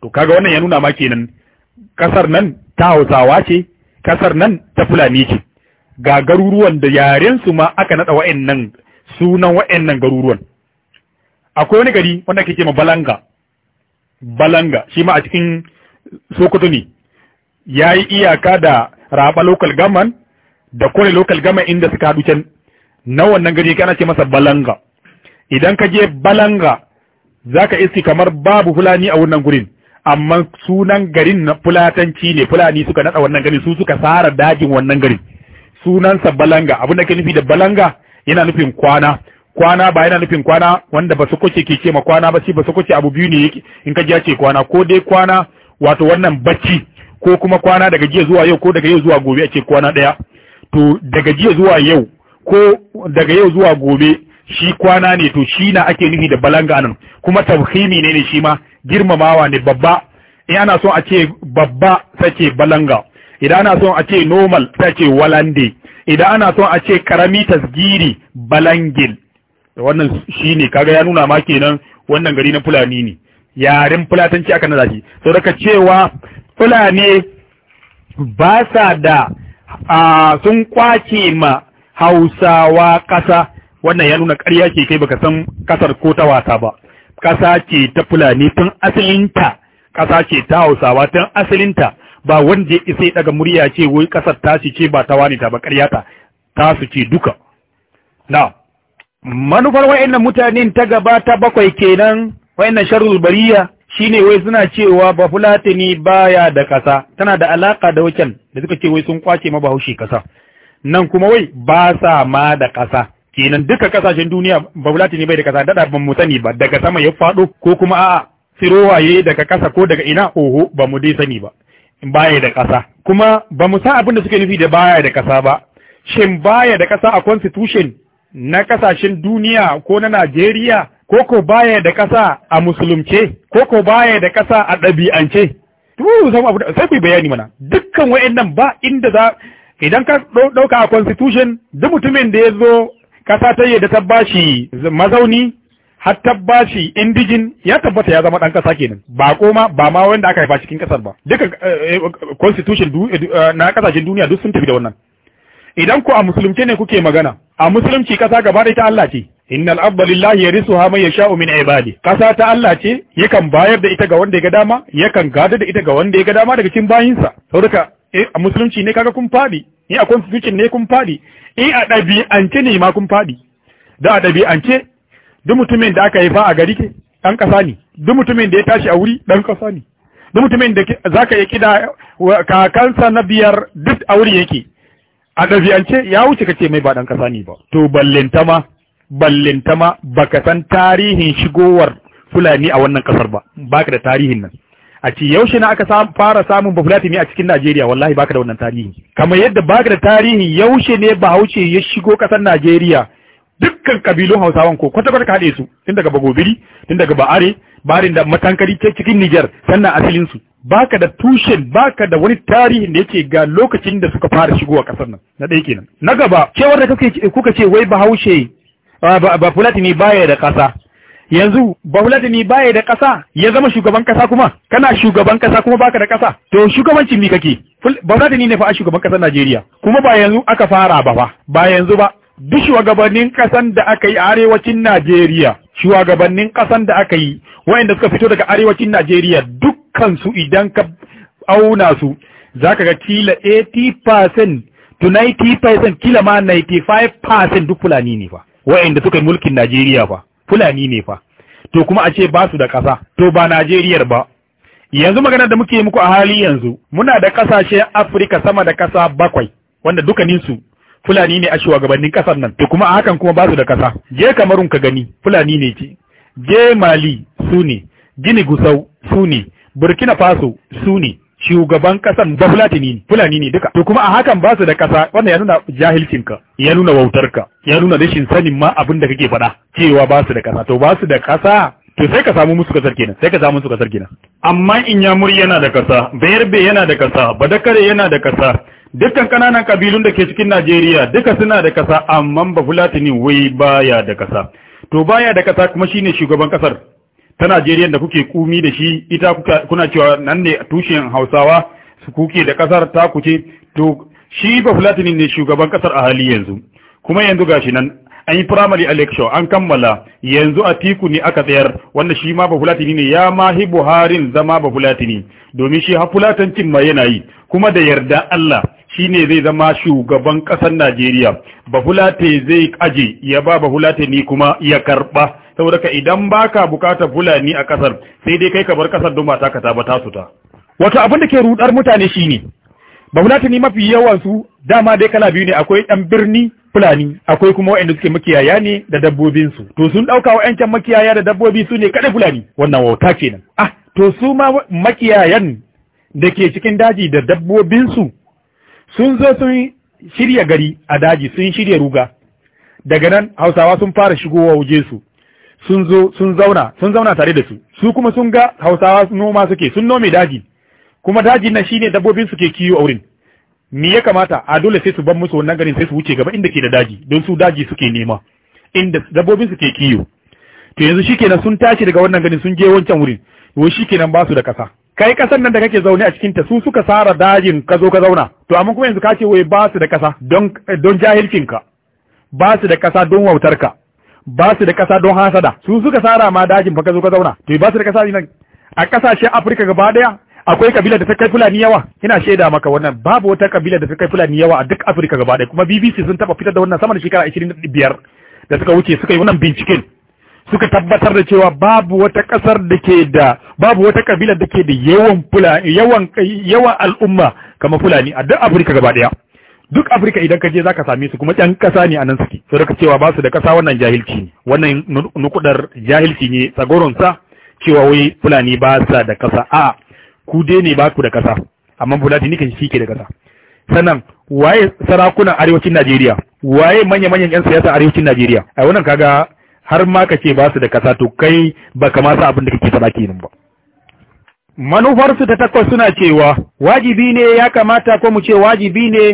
to kaga wannan ya nuna ma kenan kasar nan ta Hausawa ce kasar nan ta Fulani ce ga garuruwan da yaren su ma aka nada wa'annan sunan wa'annan garuruwan akwai wani gari wanda ake ce ma Balanga Balanga shi ma a cikin sokoto ne ya yi iyaka da raba local gaman da kore local gaman inda suka haɗu can na wannan gari kana ce masa balanga idan ka je balanga za ka iski kamar babu fulani a wannan gurin amma sunan garin na fulatanci ne fulani suka nada wannan gari su suka sara dajin wannan garin sunansa balanga abin da ke nufi da balanga yana nufin kwana kwana ba yana nufin kwana wanda ba su kwace ke ce ma kwana ba shi ba su kwace abu biyu ne in ka ji ce kwana ko dai kwana wato wannan bacci ko kuma kwana daga jiya zuwa yau ko daga yau zuwa gobe a ce kwana ɗaya to daga jiya zuwa yau ko daga yau zuwa gobe shi kwana ne to shi na ake nufi da balanga nan kuma tafhimi ne ne shi ma girmamawa ne babba in ana son a ce babba ce balanga idan ana son a ce normal ce walande idan ana son a ce karami tasgiri balangil wannan shi ne kaga ya nuna ma kenan wannan gari na fulani ne yaren fulatanci aka na shi to daga cewa fulani ba sa da sun kwace ma hausawa ƙasa wannan ya nuna ƙarya ke kai baka san ƙasar ko ta wasa ba ƙasa ce ta fulani tun asalinta ƙasa ce ta hausawa tun asalinta ba wanda isai daga murya ce wai ƙasar ta ce ba ta wani ta ba ƙarya ta Ta su ce duka na manufar wa'annan mutanen ta gaba ta bakwai kenan wa inna sharrul bariya shine wai suna cewa ba fulatini baya da kasa tana da alaka da wacan da suka ce wai sun kwace ma bahaushe kasa nan kuma wai ba sa ma da kasa kenan duka kasashen duniya ba fulatini bai da kasa dada ban mu ba daga sama ya fado ko kuma a'a siro waye daga kasa ko daga ina oho ba mu dai sani ba baya da kasa kuma ba mu san abin da suke nufi da baya da kasa ba shin baya da kasa a constitution na kasashen duniya ko na Najeriya ko ko baya da ƙasa a musulunce ko ko baya da ƙasa a ɗabi'ance sai ku bayani mana dukkan wa'annan ba inda za idan ka ɗauka a constitution duk mutumin da ya zo ƙasa ta yi ta tabbashi mazauni har ta bashi indijin ya tabbata ya zama ɗan ƙasa kenan ba koma ba ma wanda aka haifa cikin ƙasar ba dukkan eh, eh, constitution eh, na ƙasashen duniya duk sun tafi da wannan idan ku a musulunci ne kuke magana a musulunci kasa gaba ɗaya ta Allah ce innal arda lillahi yarisuha man yasha'u min ibadi kasa ta Allah ce yakan bayar da ita ga wanda ya ga dama yakan gada da ita ga wanda ya ga dama daga cikin bayinsa saboda eh, a musulunci ne kaga kun fadi ni a constitution ne kun fadi in a ɗabi'ance ne ma kun fadi da a ɗabi'ance duk mutumin da aka haifa a gari ke ɗan ƙasa ne duk mutumin da ya tashi a wuri ɗan ƙasa ne duk mutumin da za ka yi kida kakansa na biyar duk a wuri yake a ɗabi'ance ya wuce kace mai ba ɗan ƙasa ne ba to ballintama, ballintama ba ka baka san tarihin shigowar fulani a wannan ƙasar ba baka da tarihin nan a ce yaushe na aka fara samun bafulatini a cikin Najeriya wallahi baka da wannan tarihi kamar yadda baka da tarihin yaushe ne Bahaushe ya shigo ƙasar Najeriya dukkan kabilun Hausawan ko kwata kwata ka haɗe su tun daga Bagobiri tun daga Ba'are barin da matankari ce cikin Niger sannan asalin su baka da tushen baka da wani tarihin da yake ga lokacin da suka fara shigowa kasar nan na ɗaya kenan na gaba cewar da kake kuka ce wai bahaushe ba fulatini baya da kasa yanzu ba bahulatini baya da kasa ya zama shugaban kasa kuma kana shugaban kasa kuma baka da kasa to shugabancin mi kake bahulatini ne fa a shugaban kasar Najeriya kuma ba yanzu aka fara ba ba. ba yanzu ba duk shugabannin kasan da aka yi a arewacin Najeriya shugabannin ƙasan da aka yi wayanda suka fito daga arewacin Najeriya dukkansu idan ka auna su zaka ga kila 80% to 90% kila ma 95% duk fulani ne fa wayanda suka yi mulkin Najeriya fa fulani ne fa to kuma a ce ba su da ƙasa to ba Najeriyar ba yanzu magana da muke muku a hali yanzu muna da ƙasashen Afirka sama da ƙasa bakwai wanda dukkaninsu. fulani ne a shugabannin kasar nan to kuma a hakan kuma ba su da kasa je kamarun ka gani fulani ne ce je mali su ne gini gusau su ne burkina faso su ne shugaban kasan ba fulatini ne fulani ne duka to kuma a hakan ba su da kasa wannan ya nuna jahilcin ka ya nuna wautar ka ya nuna rashin sanin ma abin da kake faɗa cewa ba su da kasa to ba su da kasa to sai ka samu musu kasar kenan sai ka samu musu kasar kenan amma in yamuri yana da kasa bayarbe yana da kasa badakare yana da kasa dukkan kananan kabilun da ke cikin Najeriya duka suna da kasa amma ba Fulatini wai baya da kasa to baya da kasa kuma shine shugaban kasar ta Najeriya da kuke kumi da shi ita kuna cewa nan ne tushen Hausawa su kuke da kasar ta kuce to shi ba Fulatini ne shugaban kasar a hali yanzu kuma yanzu gashi nan an yi primary election an kammala yanzu a tiku ne aka tsayar wanda shi ma bafulatini ne ya ma hi buharin zama bafulatini domin shi ha fulatancin ma yana yi kuma da yarda Allah shine zai zama shugaban ƙasar Najeriya bafulate zai aje ya ba bafulate ni kuma ya karba saboda ka idan baka bukatar fulani a ƙasar sai dai kai ka bar ƙasar don mata ka ta su ta wato abin da ke rudar mutane shine bafulate ni mafi yawan su dama dai kala biyu ne akwai ɗan birni fulani akwai kuma wa'anda suke makiyaya ne da dabbobinsu to sun ɗauka wa'yancan makiyaya da dabbobi su ne kaɗai fulani wannan wauta kenan ah to su ma makiyayan da ke cikin daji da dabbobinsu sun zo sun shirya gari a daji sun shirya ruga daga nan hausawa sun fara shigowa waje su sun zo sun zauna sun zauna tare da su su kuma sun ga hausawa noma suke sun nome daji kuma daji na shine dabbobin suke kiyo a wurin ni ya kamata a dole sai su ban musu wannan garin sai su wuce gaba inda ke da daji don su daji suke nema inda dabbobin suke kiyo to yanzu shikenan sun tashi daga wannan garin sun je wancan wurin to shikenan ba su da kasa kai kasar nan da kake zaune a cikin ta su suka sara dajin ka zo ka zauna to amma kuma yanzu ka ce wai ba su da kasa don don jahilcin ka ba su da kasa don wautar ka ba su da kasa don hasada su suka sara ma dajin fa ka zo ka zauna to ba su da kasa nan a kasashen Afirka gaba daya akwai kabila da ta kai fulani yawa ina shaida maka wannan babu wata kabila da ta kai fulani yawa a duk Afirka gaba daya kuma BBC sun taba fitar da wannan sama da shekara 25 da suka wuce suka yi wannan binciken suka tabbatar da cewa babu wata ƙasar da ke da babu wata kabila da ke da yawan yawan yawan al'umma kamar fulani a duk Afirka gaba daya duk Afirka idan ka je zaka same su kuma ɗan ƙasa ne a nan suke sai ka cewa ba su da ƙasa wannan jahilci ne wannan nukudar jahilci ne tsagoron sa cewa wai fulani ba sa da ƙasa a ku dai ne ba ku da ƙasa amma fulani ne kan shi ke da ƙasa sannan waye sarakunan arewacin Najeriya waye manya-manyan 'yan siyasa arewacin Najeriya a wannan kaga har ma ka ce ba su da kasa to kai ba ka masa abin da kake faɗa kenan ba manufarsu ta takwas suna cewa wajibi ne ya kamata ko mu ce wajibi ne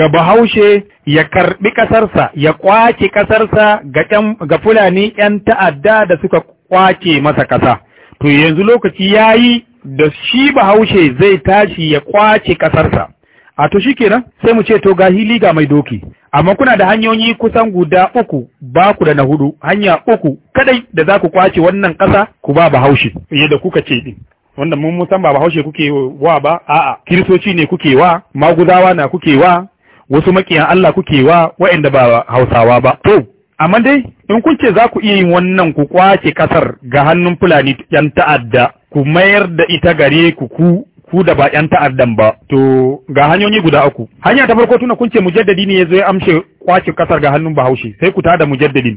ga bahaushe ya karɓi ƙasarsa ya kwace ƙasarsa ga fulani yan ta'adda da suka kwace masa ƙasa. to yanzu lokaci ya yi da shi bahaushe zai tashi ya kwace ƙasarsa. a to kenan sai mu ce to ga hili ga mai doki amma kuna da hanyoyi kusan guda uku ba ku da na hudu hanya uku kadai da za ku kwace wannan ƙasa ku ba bahaushe yadda kuka ce din wanda mun musan ba bahaushe kuke wa ba a'a kiristoci ne kuke wa maguzawa na kuke wa wasu makiyan Allah kuke wa waɗanda ba hausawa ba to amma dai in kun ce za ku iya yin wannan ku kwace kasar ga hannun fulani yan ta'adda ku mayar da ita gare ku ku ku da ba yan ta'addan ba to ga hanyoyi guda uku hanya ta farko tuna kun ce mujaddadi ne yazo ya amshe kwace kasar ga hannun Bahaushe sai ku tada mujaddadin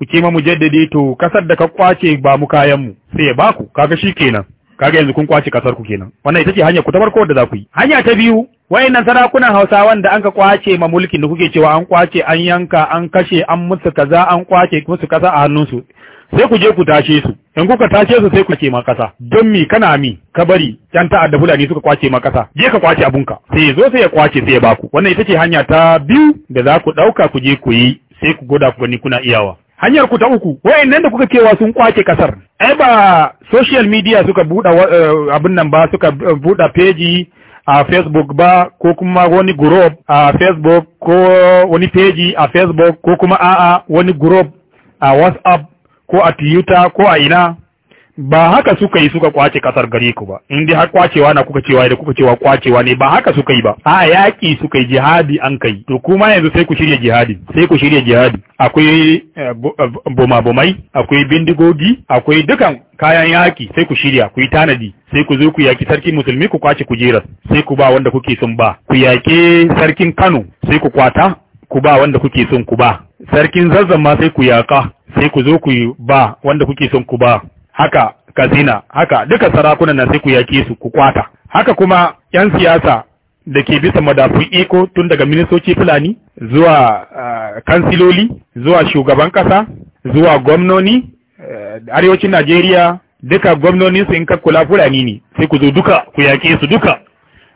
ku ce ma mujaddadi to kasar da ka kwace ba mu kayan mu sai ya baku kaga kenan kaga yanzu kun kwace kasar ku kenan wannan ita ce hanya ku ta farko da za ku yi hanya ta biyu wayannan sarakunan Hausawan da anka kwace ma mulkin da kuke cewa an kwace an yanka an kashe an musu kaza an kwace musu kasa a hannunsu sai ku je ku tashe su in kuka tashe su sai ku ce ma don mi kana mi ka bari yan ta'adda fulani suka kwace makasa je ka kwace abunka sai zo sai ya kwace sai ya baku wannan ita ce hanya ta biyu da za ku ɗauka ku je ku yi sai ku gwada ku gani kuna iyawa hanyar ku ta uku wayannan da kuka kewa sun kwace kasar ai ba social media suka buɗa eh, abin nan ba suka buɗa peji a Facebook ba ko kuma wani group a Facebook ko wani peji a Facebook ko kuma a'a wani group a WhatsApp ko a tiyuta ko a ina ba haka suka yi suka kwace kasar gare ku ba in dai har kwacewa na kuka cewa da kuka cewa kwacewa ne ba haka suka yi ba a yaki suka yi jihadi an kai to kuma yanzu sai ku shirya jihadi sai ku shirya jihadi akwai eh, eh, boma akwai bindigogi akwai dukan kayan yaki sai ku shirya ku yi tanadi sai ku zo ku yaki sarki musulmi ku kwace kujera. sai ku ba wanda kuke son ba ku yake sarkin Kano sai ku kwata ku ba wanda kuke son ku ba sarkin zazzan ma sai ku yaka sai ku zo ku yi ba wanda kuke son ku ba haka kazina haka duka sarakunan nan sai ku yake su ku kwata haka kuma yan siyasa da ke bisa madafun iko tun daga ministoci fulani zuwa eh, kansiloli zuwa shugaban kasa zuwa gwamnoni eh, arewacin Najeriya duka gwamnonin su in kakkula kula fulani ne sai ku zo duka ku yake su duka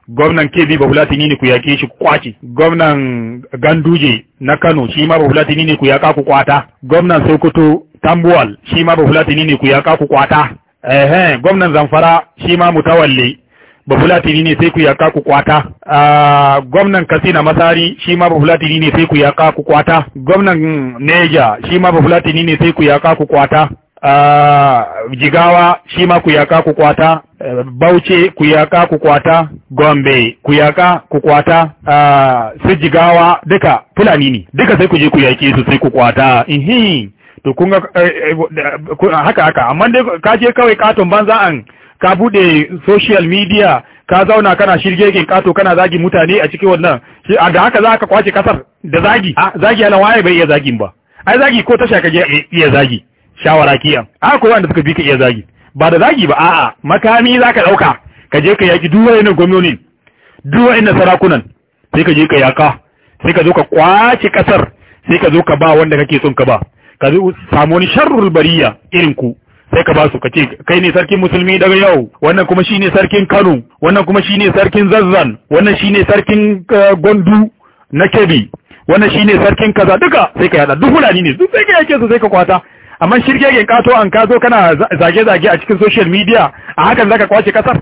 gwamnan kebi bafulatini ne ku yaƙe shi kwaci gwamnan ganduje na kano shi ma bafulatini ne ku yaƙa ku kwata gwamnan sokoto tambuwal shi ma bafulatini ne ku yaƙa ku kwata ehe gwamnan zamfara shi ma mutawalle bafulatini ne sai ku yaƙa ku kwata gwamnan katsina masari shi ma bafulatini ne sai ku yaƙa ku kwata gwamnan neja shi ma bafulatini ne sai ku yaƙa ku kwata jigawa shi ma ku yaƙa ku kwata Bauchi ku kukwata ku kwata Gombe ku kukwata ku kwata ah, su jigawa duka Fulani ne duka sai ku je ku yake su sai ku kwata ihin to kun ga eh, eh, haka haka amma dai ka je kawai katon banza an ka bude social media ka zauna kana shirge shirgegen kato kana zagi mutane a cikin wannan a da haka za ka kwace kasar da zagi ah, zagi ala waye bai iya zagin ba ai zagi ko tasha ka je iya zagi shawara kiyan a ko wanda suka bi ka iya zagi ba da zagi ba a'a makami za ka ɗauka ka je ka yaki duk wayannan gwamnoni duwa wayannan sarakunan sai ka je ka yaka sai ka zo ka kwace ƙasar sai ka zo ka ba wanda kake son ka ba ka zo samu wani sharrul bariya irin ku sai ka ba su ka ce kai ne sarkin musulmi daga yau wannan kuma shine sarkin Kano wannan kuma shine sarkin Zazzan wannan shine sarkin eh, Gondu na Kebbi wannan shine sarkin kaza duka sai ka yaɗa duk fulani ne duk sai ka yake su sai ka kwata amma shirgegen kato an kazo kana zage-zage a cikin social media a hakan zaka kwace kasar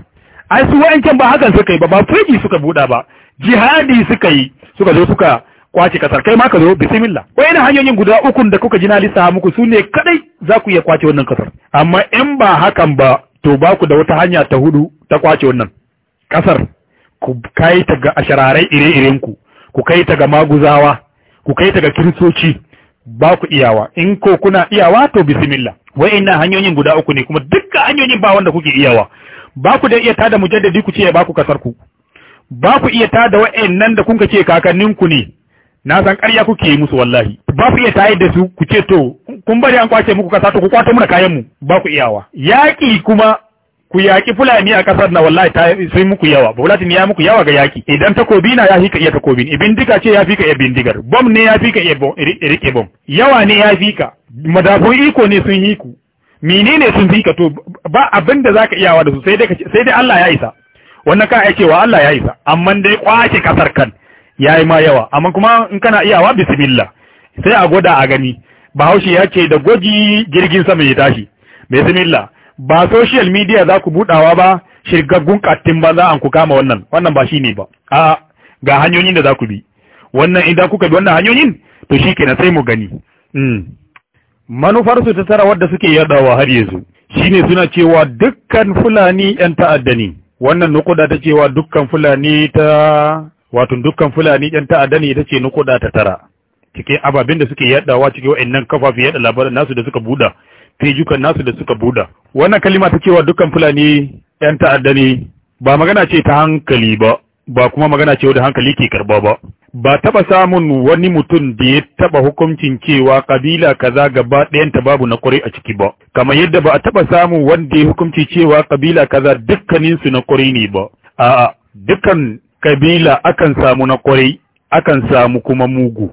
ai su wa'ancan ba hakan suka yi ba ba fegi suka buɗa ba jihadi suka yi suka zo suka kwace kasar kai ma ka zo bismillah wayannan hanyoyin guda uku da kuka ji na lissa muku su ne kadai za ku iya kwace wannan kasar amma in ba hakan ba to ba ku da wata hanya ta hudu ta kwace wannan kasar ku kai ta ga asharare ire-irenku ku kai ta ga maguzawa ku kai ta ga kiristoci ba ku iyawa in ko kuna iyawa to bismillah ina hanyoyin guda uku ne kuma dukkan hanyoyin ba wanda kuke iyawa ba ku da iya tada mujaddadi ku ce ya ba ku kasar ku ba ku iya tada wa'annan da kun ce kakannin ku ne na san ƙarya kuke musu wallahi ba ku iya tayar da su ku ce to kun bari an kwace muku kasa to ku kwato muna kayan mu ba ku iyawa Yaki kuma ku yaƙi fulani a ƙasar na wallahi ta sai muku yawa ba wallahi ya muku yawa ga yaƙi idan takobi na ya fi ka iya takobi bindiga ce ya fi ka iya bindigar bom ne ya fi ka iya rike bom yawa ne ya fi ka madafun iko ne sun yi ku menene sun fi ka to ba abin da zaka wa da su sai dai sai dai Allah ya isa wannan ka cewa Allah ya isa amma dai kwace kasar kan yayi ma yawa amma kuma in kana iya wa? bismillah sai a gwada a gani bahaushe ya ce da gwaji jirgin sama ya tashi bismillah ba social media za ku budawa ba shirgaggun kattin ba za an ku kama wannan wannan ba shine ba a ga hanyoyin da za ku bi wannan idan kuka bi wannan hanyoyin to shikenan sai mu gani mm. manufar su ta tara wadda suke yadawa har yanzu shine suna cewa dukkan fulani yan ta'adda ne wannan nukuda ta cewa dukkan fulani ta wato dukkan fulani yan ta'adda ne ita ce nukuda ta tara cikin ababin da suke yadawa cikin wa'annan kafafi yada labaran nasu da suka buda fejukan nasu da suka buda wannan kalima ta cewa dukkan fulani yan ta'adda ne ba magana ce ta hankali ba ba kuma magana ce wadda hankali ke karba ba ba taba samun wani mutum da ya taba hukuncin cewa kabila kaza gaba ɗayanta babu na ƙwarai a ciki ba kamar yadda ba a taba samun wanda ya hukunci cewa kabila kaza dukkaninsu na ƙwarai ne ba a'a dukkan kabila akan samu na ƙwarai akan samu kuma mugu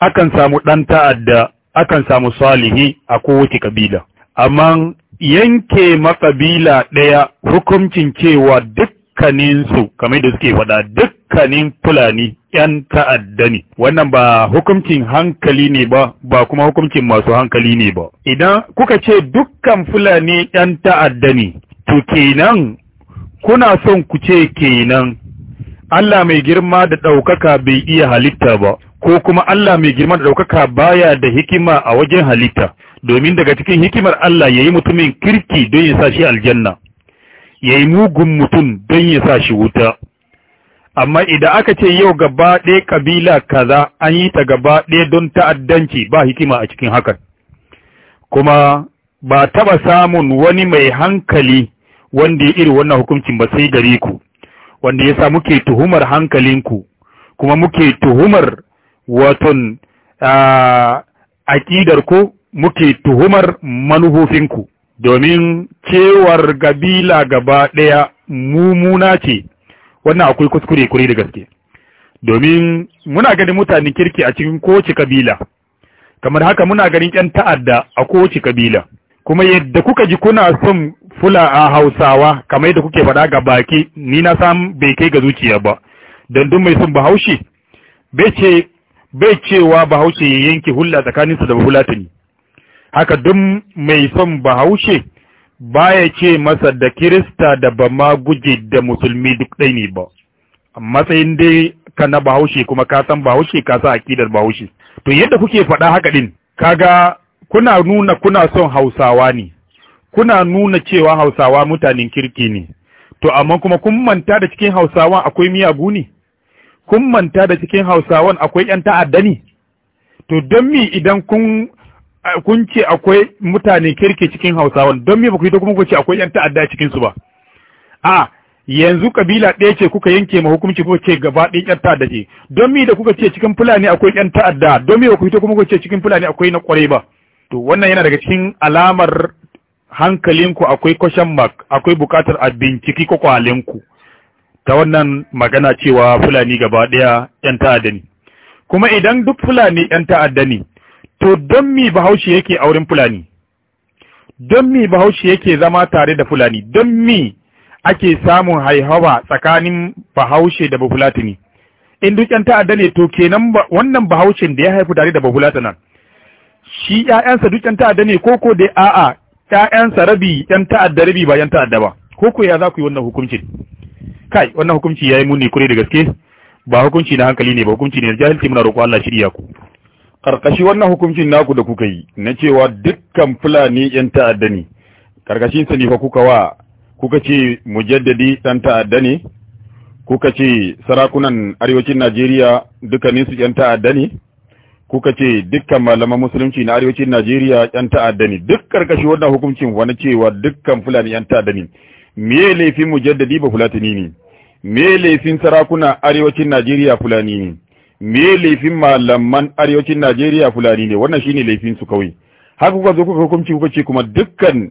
akan samu ɗan ta'adda akan samu salihi a kowace kabila amma yanke makabila ɗaya hukuncin cewa dukkaninsu kamar da suke faɗa dukkanin fulani ‘yan ta'adda ne, wannan ba hukuncin hankali ne ba, ba kuma hukuncin masu hankali ne ba. Idan kuka ce dukkan fulani ‘yan ta'adda ne, to kenan kuna son ku ce kenan Allah mai girma da ɗaukaka bai iya halitta ba, ko kuma Allah mai girma da ɗaukaka baya da hikima a wajen halitta domin daga cikin hikimar Allah ya yi mutumin kirki don ya sa shi aljanna yayi mugun mutum don ya sa shi wuta amma idan aka ce yau gaba ɗaya kabila kaza an yi ta gaba ɗaya don ta'addanci ba hikima a cikin hakan kuma ba taɓa samun wani mai hankali wanda ya iri wannan hukuncin ba sai gare ku wanda ya sa muke tuhumar hankalinku kuma muke tuhumar waton aƙidar ku muke tuhumar manufofinku domin cewar gabila gaba ɗaya mumuna ce wannan akwai kuskure kuri da gaske domin muna ganin mutanen kirki a cikin kowace kabila kamar haka muna ganin ƴan ta'adda a kowace kabila kuma yadda kuka ji kuna son fula a hausawa kamar yadda kuke faɗa ga baki ni na sam bai kai ga zuciya ba don mai son bahaushe bai ce bai cewa bahaushe ya yanke hulla tsakaninsa da bahulatani haka duk mai son bahaushe baya ce masa da kirista da ba ma guje da musulmi duk ɗai ne ba matsayin dai ka na bahaushe kuma ka san bahaushe ka sa aƙidar bahaushe to yadda kuke faɗa haka ɗin kaga kuna nuna kuna son hausawa ne kuna nuna cewa hausawa mutanen kirki ne to amma kuma kun manta da cikin hausawa akwai miyagu ne kun manta da cikin hausawan akwai ‘yan ta'adda ne, to don mi idan kun ce akwai mutane kirki cikin hausawan don mi ba ku yi kuma ku ce akwai ‘yan ta'adda cikinsu ba. A, yanzu kabila ɗaya ce kuka yanke ma hukunci ko ce gaba ɗaya ‘yan ta'adda ce, don mi da kuka ce cikin fulani akwai ‘yan ta'adda, don mi ba ku yi kuma ku ce cikin fulani akwai na ƙwarai ba. To wannan yana daga cikin alamar hankalinku akwai kwashen mark akwai bukatar a binciki ƙwalinku. ta wannan magana cewa fulani gaba ɗaya ‘yan ta'adda ne kuma idan duk fulani ‘yan ta'adda ne to don mi bahaushe yake auren fulani don mi bahaushe yake zama tare da fulani don mi ake samun haihawa tsakanin bahaushe da ne, in duk ‘yan ta'adda ne to kenan wannan bahaushen da ya haifu tare da nan, shi ‘ya'yansa duk ‘yan ta'adda ne ko ko da a'a ‘ya'yansa rabi ‘yan ta'adda rabi ba ‘yan ta'adda ba ko ko ya za ku yi wannan hukuncin kai wannan hukunci yayi muni kure da gaske ba hukunci na hankali ne ba hukunci ne jahilci muna roƙo Allah shirya ku karkashi wannan hukuncin naku da kuka yi na cewa dukkan fulani yan ta'adda ne karkashin sa ne fa kuka wa kuka ce mujaddadi dan ta'adda ne kuka ce sarakunan arewacin Najeriya dukkanin su yan ta'adda ne kuka ce dukkan malaman musulunci na arewacin Najeriya yan ta'adda ne duk karkashi wannan hukuncin wani cewa dukkan fulani yan ta'adda ne me laifin mujaddadi ba fulatani ne me laifin sarakuna arewacin Najeriya fulani ne me laifin malaman arewacin Najeriya fulani ne wannan shine laifin su kawai haka kuka zo kuka hukunci kuka ce kuma dukkan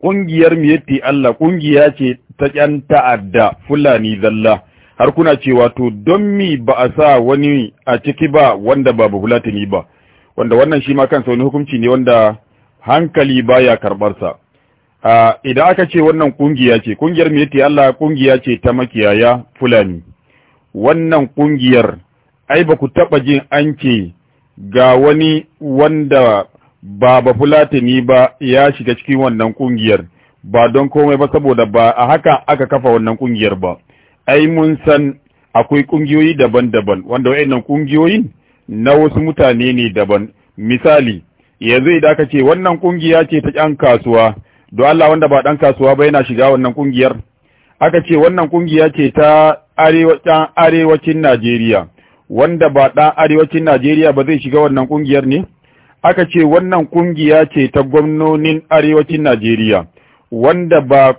kungiyar miyatti Allah kungiya ce ta ƴan ta'adda fulani zalla har kuna cewa to don mi ba a sa wani a ciki ba wanda ba ba fulatani ba wanda wannan shi ma kansa wani hukunci ne wanda hankali baya sa. idan aka ce wannan kungiya ce kungiyar ta Allah kungiya ce ta makiyaya fulani wannan kungiyar ai ba ku taba jin an ce ga wani wanda ba ba fulatani ba ya shiga cikin wannan kungiyar ba don komai ba saboda ba a haka aka kafa wannan kungiyar ba ai mun san akwai kungiyoyi daban-daban wanda wayannan kungiyoyin na wasu mutane ne daban misali yanzu idan aka ce wannan kungiya ce ta ƴan kasuwa do Allah wanda ba ɗan kasuwa ba yana shiga wannan ƙungiyar aka ce wannan kungiya ce ta arewacin Najeriya wanda ba dan arewacin Najeriya ba zai shiga wannan ƙungiyar ne aka ce wannan kungiya ce ta gwamnonin arewacin Najeriya wanda ba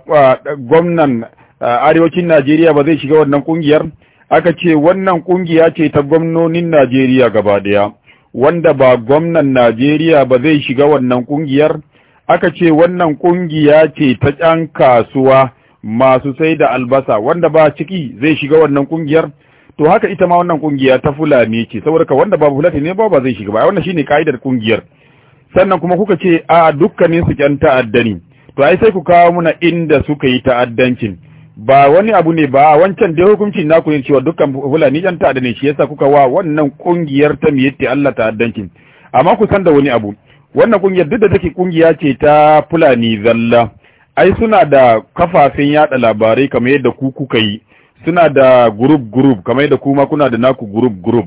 gwamnan arewacin Najeriya ba zai shiga wannan ƙungiyar aka ce wannan kungiya ce ta gwamnonin Najeriya gaba daya wanda ba gwamnan Najeriya ba zai shiga wannan ƙungiyar aka ce wannan ƙungiya ce ta ƴan kasuwa masu sai da albasa wanda ba ciki zai shiga wannan ƙungiyar to haka ita ma wannan kungiya ta fulani ce saboda wanda ba fulani ne ba ba zai shiga ba wannan shine ka'idar ƙungiyar sannan kuma kuka ce a dukkanin su ƴan ta'adda to ai sai ku kawo muna inda suka yi ta'addancin ba wani abu ne ba wancan dai hukuncin naku ne cewa dukkan fulani ƴan ta'adda ne shi yasa kuka wa wannan kungiyar ta miyatti Allah ta'addancin amma ku san da wani abu wannan kungiyar duk da take kungiya ce ta fulani zalla ai suna da kafafen yada labarai kamar yadda ku kuka yi suna da group group kamar yadda kuma kuna da naku group group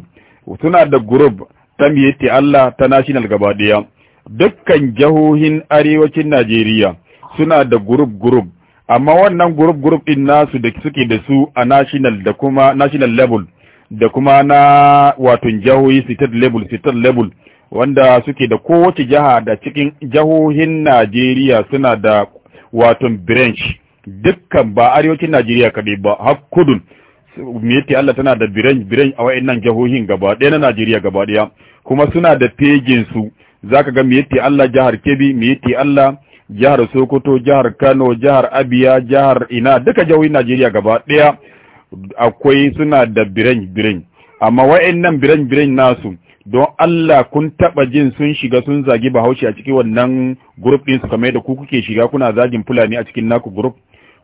suna da group ta miyete Allah ta national gabaɗaya dukkan jahohin arewacin Najeriya suna da group group amma wannan group group din nasu da suke da su a national da kuma national level da kuma na wato jahohi state level state level wanda suke da kowace jiha da cikin jahohin Najeriya suna da wato branch dukkan ba arewacin Najeriya kadai ba har kudun yake Allah tana da branch branch a wayannan jahohin gaba ɗaya na Najeriya gaba ɗaya kuma suna da pejin su zaka ga yake Allah jihar Kebbi yake Allah jihar Sokoto jihar Kano jihar Abia jihar Ina duka jahohin Najeriya gaba ɗaya akwai suna da branch branch amma wayannan branch branch nasu don Allah kun taba jin sun shiga sun zagi Bahaushe a cikin wannan group din su kamar yadda ku kuke shiga kuna zagin Fulani a cikin naku group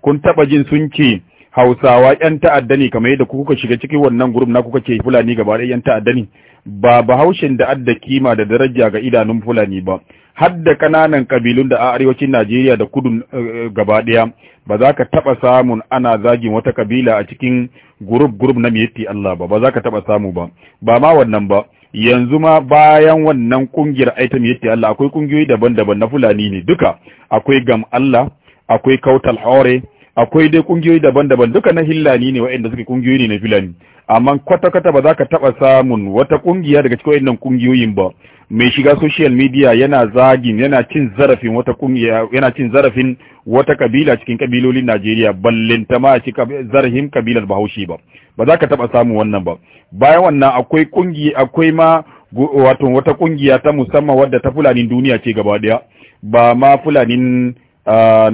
kun taba jin sun ce Hausawa yan ta'adda ne kamar yadda ku kuka shiga cikin wannan group na kuka ce Fulani gaba ɗaya ƴan ta'adda ne ba Bahaushen da adda kima da daraja ga idanun Fulani ba har da kananan kabilun da a arewacin Najeriya da kudu eh, gaba ɗaya ba za ka taɓa samun ana zagin wata kabila a cikin group group na miyatti Allah ba ba za ka taɓa samu ba ba ma wannan ba yanzu ma bayan wannan kungiyar aitam yatti Allah akwai kungiyoyi daban-daban na Fulani ne duka akwai gam Allah akwai kautal aure akwai dai kungiyoyi daban-daban duka na hillani ne waɗanda suke kungiyoyi ne na filani amma kwata-kwata ba za ka taɓa samun wata kungiya daga cikin waɗannan kungiyoyin ba mai shiga social media yana zagin yana cin zarafin wata kungiya yana cin zarafin wata kabila cikin kabilolin Najeriya ballenta ma ci zarafin kabilar Bahaushe ba ba za ka taɓa samun wannan ba bayan wannan akwai kungi akwai ma wato wata kungiya ta musamman wadda ta fulanin duniya ce gaba daya ba ma fulanin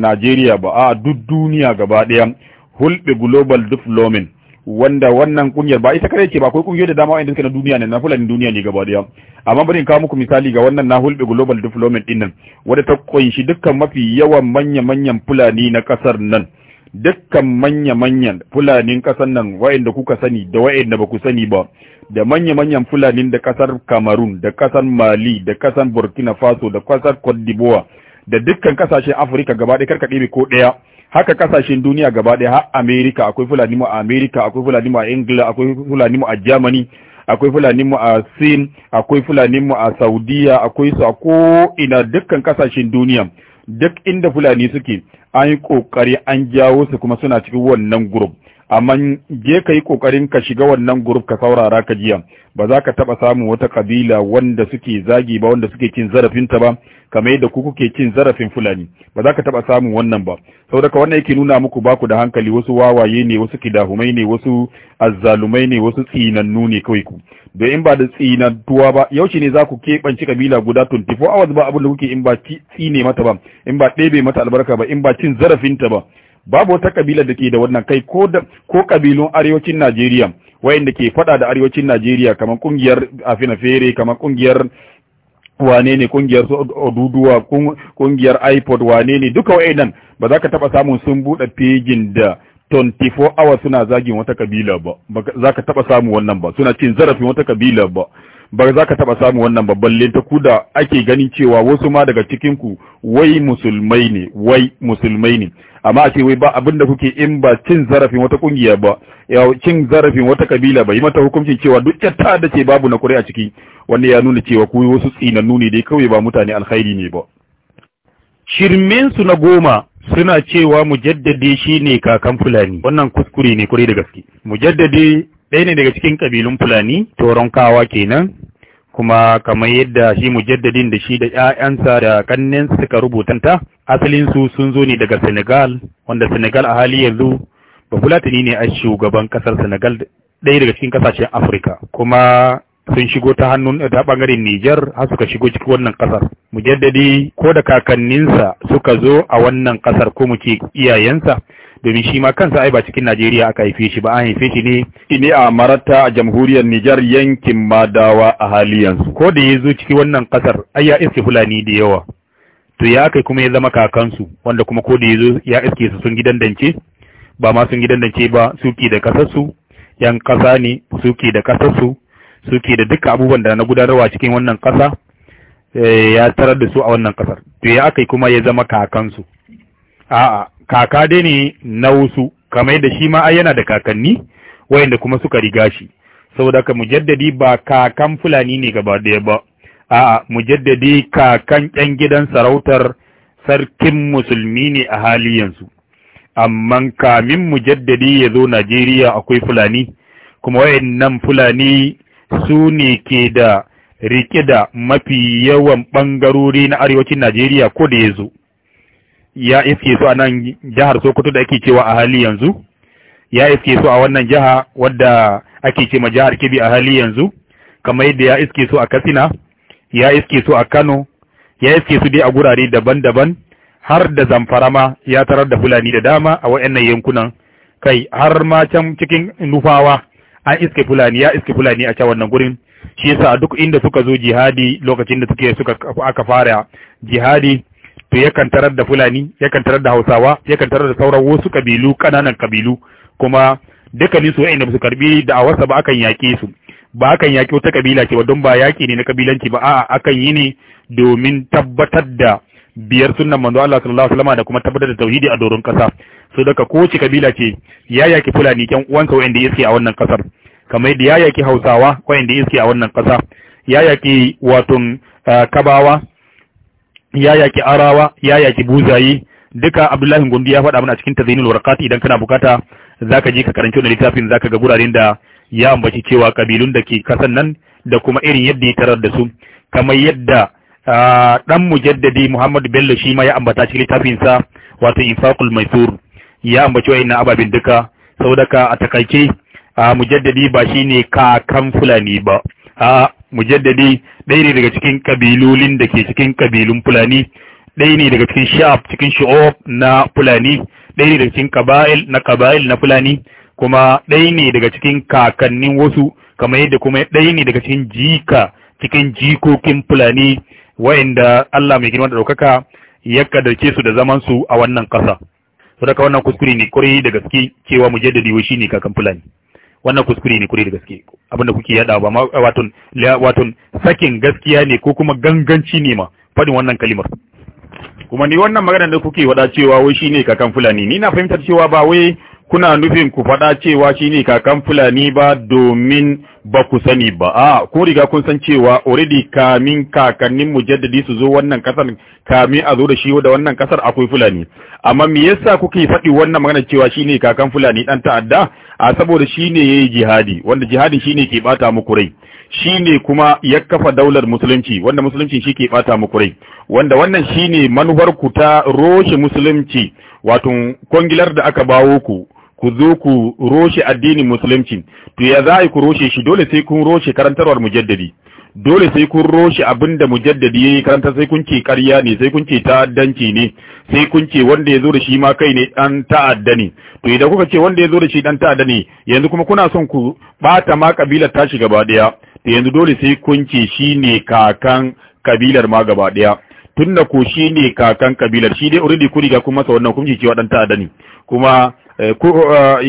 Najeriya ba a duk duniya gaba ɗaya hulɓe global development wanda wannan kungiyar ba ita kare ce ba akwai kungiyoyi da dama wanda suke na duniya ne na fulani duniya ne gaba daya amma bari in kawo muku misali ga wannan na hulɓe global development din nan wanda ta kunshi dukkan mafi yawan manya-manyan fulani na kasar nan dukkan manya-manyan fulanin kasar nan wa'anda kuka sani da wa'anda ba ku sani ba da manya-manyan fulanin da kasar Cameroon da kasar Mali da kasar Burkina Faso da kasar Cote d'Ivoire da dukkan kasashen Afirka gaba ɗaya karka ɗebe ko ɗaya haka kasashen duniya gaba ɗaya har America akwai Fulani mu a America akwai Fulani mu a Ingila akwai Fulani mu a Germany akwai Fulani mu a Sin akwai Fulani mu a Saudiya akwai su a ko ina dukkan kasashen duniya duk inda Fulani suke an yi kokari an jawo su kuma suna cikin wannan group amma je ka yi kokarin ka shiga wannan group ka saurara ka jiya ba za ka taba samun wata kabila wanda suke zagi ba wanda suke cin zarafinta ba kamar yadda ku kuke cin zarafin fulani ba za ka taba samun wannan ba saboda wannan yake nuna muku ba ku da hankali wasu wawaye ne wasu kidahumai ne wasu azzalumai ne wasu tsinannu ne kawai ku da in ba da tsinantuwa ba yaushe ne za ku keɓance kabila guda 24 hours ba abin da kuke in ba tsine mata ba in ba ɗebe mata albarka ba in ba cin zarafinta ba babu wata kabila da ke da wannan kai ko da ko kabilun arewacin Najeriya wayanda ke fada da arewacin Najeriya kamar kungiyar Afina Fere kamar kungiyar wane ne kungiyar oduduwa kungiyar ipod wane ne duka nan ba za ka taba samun sun bude pejin da 24 hours suna zagin wata kabila ba za ka taba samun wannan ba suna cin zarafin wata kabila ba ba za ka taɓa samun wannan babban ta da ake ganin cewa wasu ma daga cikinku wai musulmai ne wai musulmai ne amma a ce wai ba abin da kuke in ba cin zarafin wata kungiya ba cin zarafin wata kabila ba yi mata hukuncin cewa duk ta da ce babu na kuri a ciki wanda ya nuna cewa ku wasu tsinannu ne dai kawai ba mutane alkhairi ne ba shirmin su na goma suna cewa mujaddade shine kakan fulani wannan kuskure ne kure da gaske mujaddade ɗaya ne daga cikin ƙabilun fulani toronkawa kenan kuma kamar yadda shi mujaddadin da shi da ƴaƴansa da kannen suka rubuta ta asalin su sun zo ne daga Senegal wanda Senegal a hali yanzu bafulatani ne a shugaban kasar Senegal ɗaya daga cikin kasashen Afirka kuma sun shigo ta hannun ta bangaren nijar har suka shigo cikin wannan kasar mujaddadi ko da kakanninsa suka zo a wannan kasar ko muke iyayensa domin shi ma kansa ai ba cikin Najeriya aka haife shi ba an haife shi ne ne a marata a jamhuriyar Nijar yankin Madawa a haliyan yanzu ko da ya zo ciki wannan kasar ai ya iske Fulani da yawa to ya kai kuma ya zama kakansu wanda kuma ko da ya zo ya iske su sun gidan dance ba ma sun gidan dance ba suki da su yan kasa ne suki da Su suke da duka abubuwan da na gudanarwa cikin wannan kasa eh, ya tarar da su a wannan kasar to ya kai kuma ya zama kakansu a'a kaka dai ne na wasu kamar yadda shi ma ai yana da kakanni wayanda kuma suka riga shi saboda ka mujaddadi ba kakan fulani ne gaba daya ba a'a mujaddadi kakan yan gidan sarautar sarkin musulmi ne a hali yanzu amma kamin mujaddadi ya zo Najeriya akwai fulani kuma wayannan fulani su ne ke da rike da mafi yawan bangarori na arewacin Najeriya ko da ya zo ya iske su a nan jihar Sokoto da ake cewa a hali yanzu ya iske su a wannan jiha wadda ake ce ma jihar Kebbi a hali yanzu kamar yadda ya iske su a Katsina ya iske su a Kano ya iske su dai a gurare daban-daban har da zamfara ma ya tarar da Fulani da dama a wayannan yankunan kai har ma can cikin Nufawa an iske Fulani ya iske Fulani a can wannan gurin shi yasa duk inda suka zo jihadi lokacin da suke suka aka fara jihadi to yakan tarar da fulani yakan tarar da hausawa yakan tarar da sauran wasu kabilu kananan kabilu kuma dukkanin su wa'inda su karbi da wasa ba akan yaƙe su ba akan yaƙi wata kabila ce ba don ba yaƙi ne na kabilanci ba a'a akan yi ne domin tabbatar da biyar sunnan manzo Allah sallallahu alaihi wasallam da kuma tabbatar da tauhidi a doron kasa so daga kowace kabila ce ya yaƙi fulani kyan uwansa wa'inda yake a wannan kasar kamar yadda ya yaƙi hausawa wa'inda yake a wannan kasa ya yaƙi wato eh, kabawa ya yaki arawa ya yaki buzayi duka abdullahi gundi ya faɗa mana cikin tazinul warqat idan kana bukata zaka je ka karanci wannan littafin zaka ga guraren da ya ambaci cewa kabilun da ke kasan nan da kuma irin yadda ya tarar da su kamar yadda dan mujaddadi Muhammad Bello shi ma ya ambata cikin littafin sa wato infaqul maisur ya ambaci inna ababin duka saboda ka a takaice mujaddadi ba shine kakan fulani ba a mujaddadi ɗaya ne daga cikin ƙabilolin da ke cikin ƙabilun fulani ɗaya ne daga cikin sha'af cikin sha'af na fulani ɗaya ne daga cikin ƙaba'il na ƙaba'il na fulani kuma ɗaya ne daga cikin kakannin wasu kamar yadda kuma ɗaya ne daga cikin jika cikin jikokin fulani wa'inda Allah mai girma da ɗaukaka ya kadarce su da zaman su a wannan ƙasa. Sadaka wannan kuskure ne kwarai da gaske cewa mujaddadi wai shine kakan fulani. wannan kuskure ne kure da gaske abinda kuke yada ba waton waton sakin gaskiya ne ko kuma ganganci ne ma fadin wannan kalimar kuma ni wannan magana da kuke wada cewa wai shi ne kakan fulani ni na fahimtar cewa ba wai kuna nufin ku faɗa cewa shi ne kakan fulani ba domin ba ku sani ba a ko riga kun san cewa already kamin kakannin mujaddadi su zo wannan kasar kamin a zo da shi da wannan kasar akwai fulani amma me yasa kuke faɗi wannan magana cewa shi ne kakan fulani dan ta'adda a saboda shi ne ya yi jihadi wanda jihadin ne ke bata muku rai shi ne kuma ya kafa daular musulunci wanda musulunci shi ke bata muku rai wanda wannan ne manufar ku ta roshe musulunci wato kongilar da aka bawo ku ku zo ku roshe addinin musulunci to ya za ku roshe shi dole sai kun roshe karantarwar mujaddadi dole sai kun roshe abin da mujaddadi yi karanta sai kun ce karya ne sai kun ce ta'addanci ne sai kun ce wanda ya zo da shi ma kai ne dan ta'adda ne to idan kuka ce wanda ya zo da shi dan ta'adda ne yanzu kuma kuna son ku bata ma kabilar tashi gaba daya to yanzu dole sai kun ce shi ne kakan kabilar ma gaba daya tunda ko shi ne kakan kabilar shi dai already kun riga kun masa wannan kun ce cewa dan ta'adda ne kuma Eh, uh,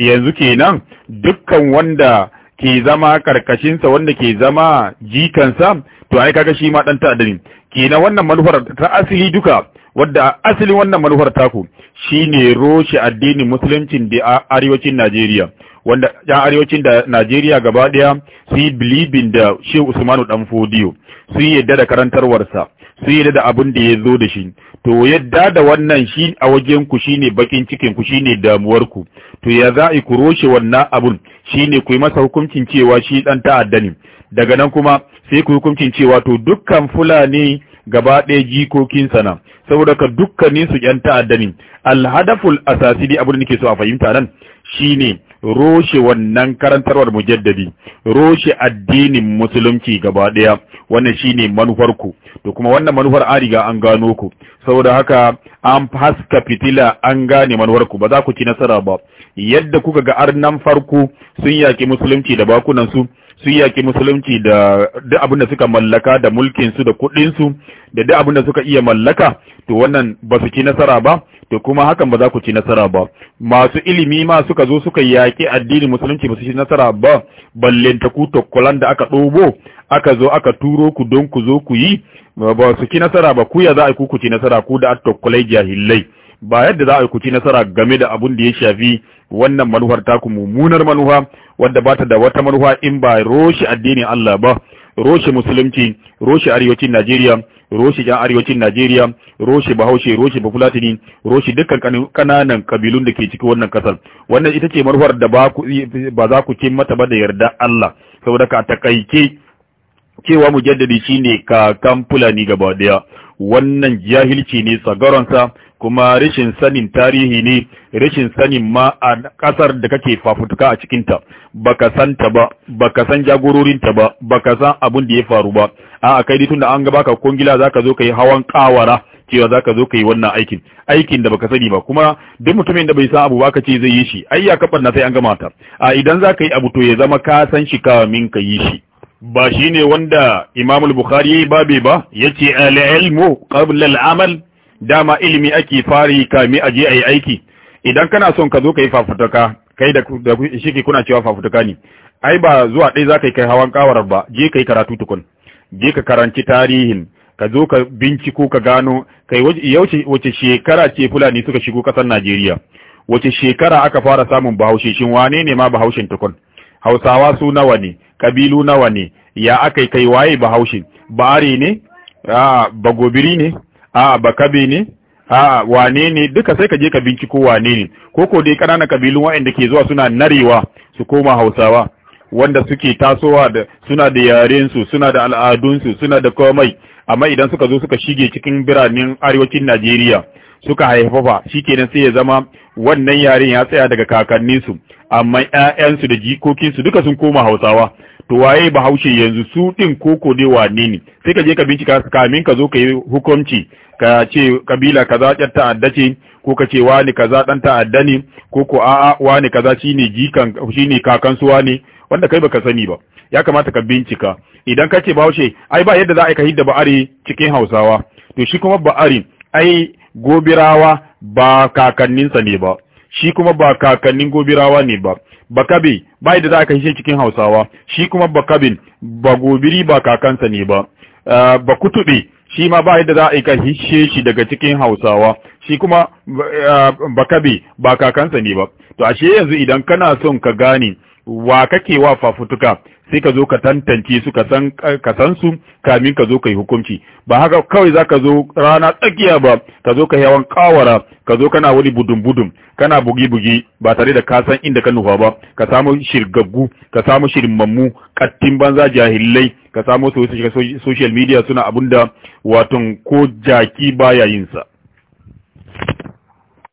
yanzu kenan dukkan wanda ke zama karkashinsa wanda ke zama jikansa to ai kaga shi ma dan ta'adda ne kenan wannan manufar ta asili duka wadda asalin wannan manufar taku shine roshe addinin musuluncin da arewacin Najeriya wanda yan arewacin da Najeriya gaba daya su believing da Sheikh Usmanu Danfodiyo su yadda da karantarwarsa sun yarda da abin da ya zo da shi to yadda da wannan shi a wajen ku shine bakin cikin ku shine damuwar ku to ya za ku roshe wannan abun shine ku yi masa hukuncin cewa shi dan ta'adda ne daga nan kuma sai ku hukuncin cewa to dukkan fulani gaba ɗaya jikokin sana saboda ka dukkanin su yan ta'adda ne alhadaful asasi dai abin da nake so a fahimta nan shine roshe wannan karantarwar mujaddadi roshe addinin musulunci gaba daya wannan shine manufar ku to kuma wannan manufar an riga an gano ku saboda haka an haska fitila an gane manuwarku ba za ku ci nasara ba yadda kuka ga arnan farko sun yaki musulunci da bakunansu sun yaki musulunci da duk abin da suka mallaka da mulkinsu da kuɗinsu da duk abin da suka iya mallaka to wannan ba su ci nasara ba to kuma hakan ba za ku ci nasara ba masu ilimi ma suka zo suka yaƙi addinin musulunci ba su ci nasara ba ballen ta ku tokkolan da aka ɗobo aka zo aka turo ku don ku zo ku yi ba su ci nasara ba ku ya za a ku ku ci nasara ku da attakulai jahilai ba yadda za a ku ci nasara game da abun da ya shafi wannan manuhar taku mummunar manuha wadda ta da wata manuha in ba roshi addinin Allah ba roshi musulunci roshi arewacin Najeriya roshi jan arewacin Najeriya roshi Bahaushe roshi Bafulatini roshi dukkan kananan kabilun da ke cikin wannan kasar wannan ita ce manuhar da ba za ku ci mata ba da yarda Allah saboda ka takaice cewa mujaddadi ne kakan fulani gaba daya wannan jahilci ne tsagaronsa kuma rashin sanin tarihi ne rashin sanin ma a kasar da kake fafutuka a cikinta baka san ta ba baka san jagororinta ba baka san abin da ya faru ba a kai dai tunda an ga baka za zaka zo kai hawan kawara cewa zaka zo kai wannan aikin aikin da baka sani ba kuma duk mutumin da bai san abu ba ka ce zai yi shi ayya kabar na sai an gama ta a idan zaka yi abu to ya zama ka san shi kamin ka yi shi ba shi ne wanda imamul bukhari ya yi babe ba ya ce al'ilmu al amal dama ilimi ake fari kami aje a yi aiki idan kana son ka zo ka yi fafutuka kai da shi ke kuna cewa fafutuka ne ai ba zuwa ɗaya za ka kai hawan kawarar ba je ka yi karatu tukun je ka karanci tarihin ka zo ka binciko ka gano kai wace shekara ce fulani suka shigo ƙasar najeriya wace shekara aka fara samun bahaushe shin wane ne ma bahaushen tukun hausawa su nawa ne kabilu nawa ne ya aka kai waye bahaushe are ne a gobiri ne a kabe ne a wane ne duka sai ka je ka binciko wane ne ko ko dai kananan kabilun waɗanda ke zuwa suna narewa su koma hausawa wanda suke tasowa da suna da yarensu suna da al'adunsu suna da komai amma idan suka zo suka shige cikin biranen arewacin Najeriya suka haifafa shikenan sai ya zama wannan yaren ya tsaya daga kakanninsu amma yayansu da jikokinsu duka sun koma Hausawa to waye bahaushe yanzu su din koko dai wane ne sai ka je ka bincika kamin ka zo ka yi hukunci ka ce kabila kaza ƙyar ta'adda ce ko ka ce wani kaza ɗan ta'adda ne ko ko a'a wani kaza ne jikan ne kakan su wanda kai baka sani ba ya kamata ka bincika idan ka ce bahaushe ai ba yadda za a yi da ba'ari cikin hausawa to shi kuma ba'ari ai gobirawa ba kakanninsa ne ba shi kuma ba kakannin gobirawa ne ba bakabe bai da za a kashe cikin hausawa shi kuma bakabin ba gobiri ba kakansa ne ba ah, ba kutube shi ma ba da za a yi shi daga cikin hausawa shi kuma ah, bakabe ba kakansa ne ba to ashe yanzu idan kana son ka gane wa kake wa fafutuka sai ka zo ka tantance su ka san su kamin ka zo ka yi hukunci ba haka kawai zaka zo rana tsakiya ba ka zo ka yawan kawara ka zo kana wani budun budun kana bugi bugi ba tare da kasan inda ka nufa ba ka samu shirgaggu ka samu shirmammu kattin banza jahilai ka samu su social media suna abunda waton ko jaki baya yinsa.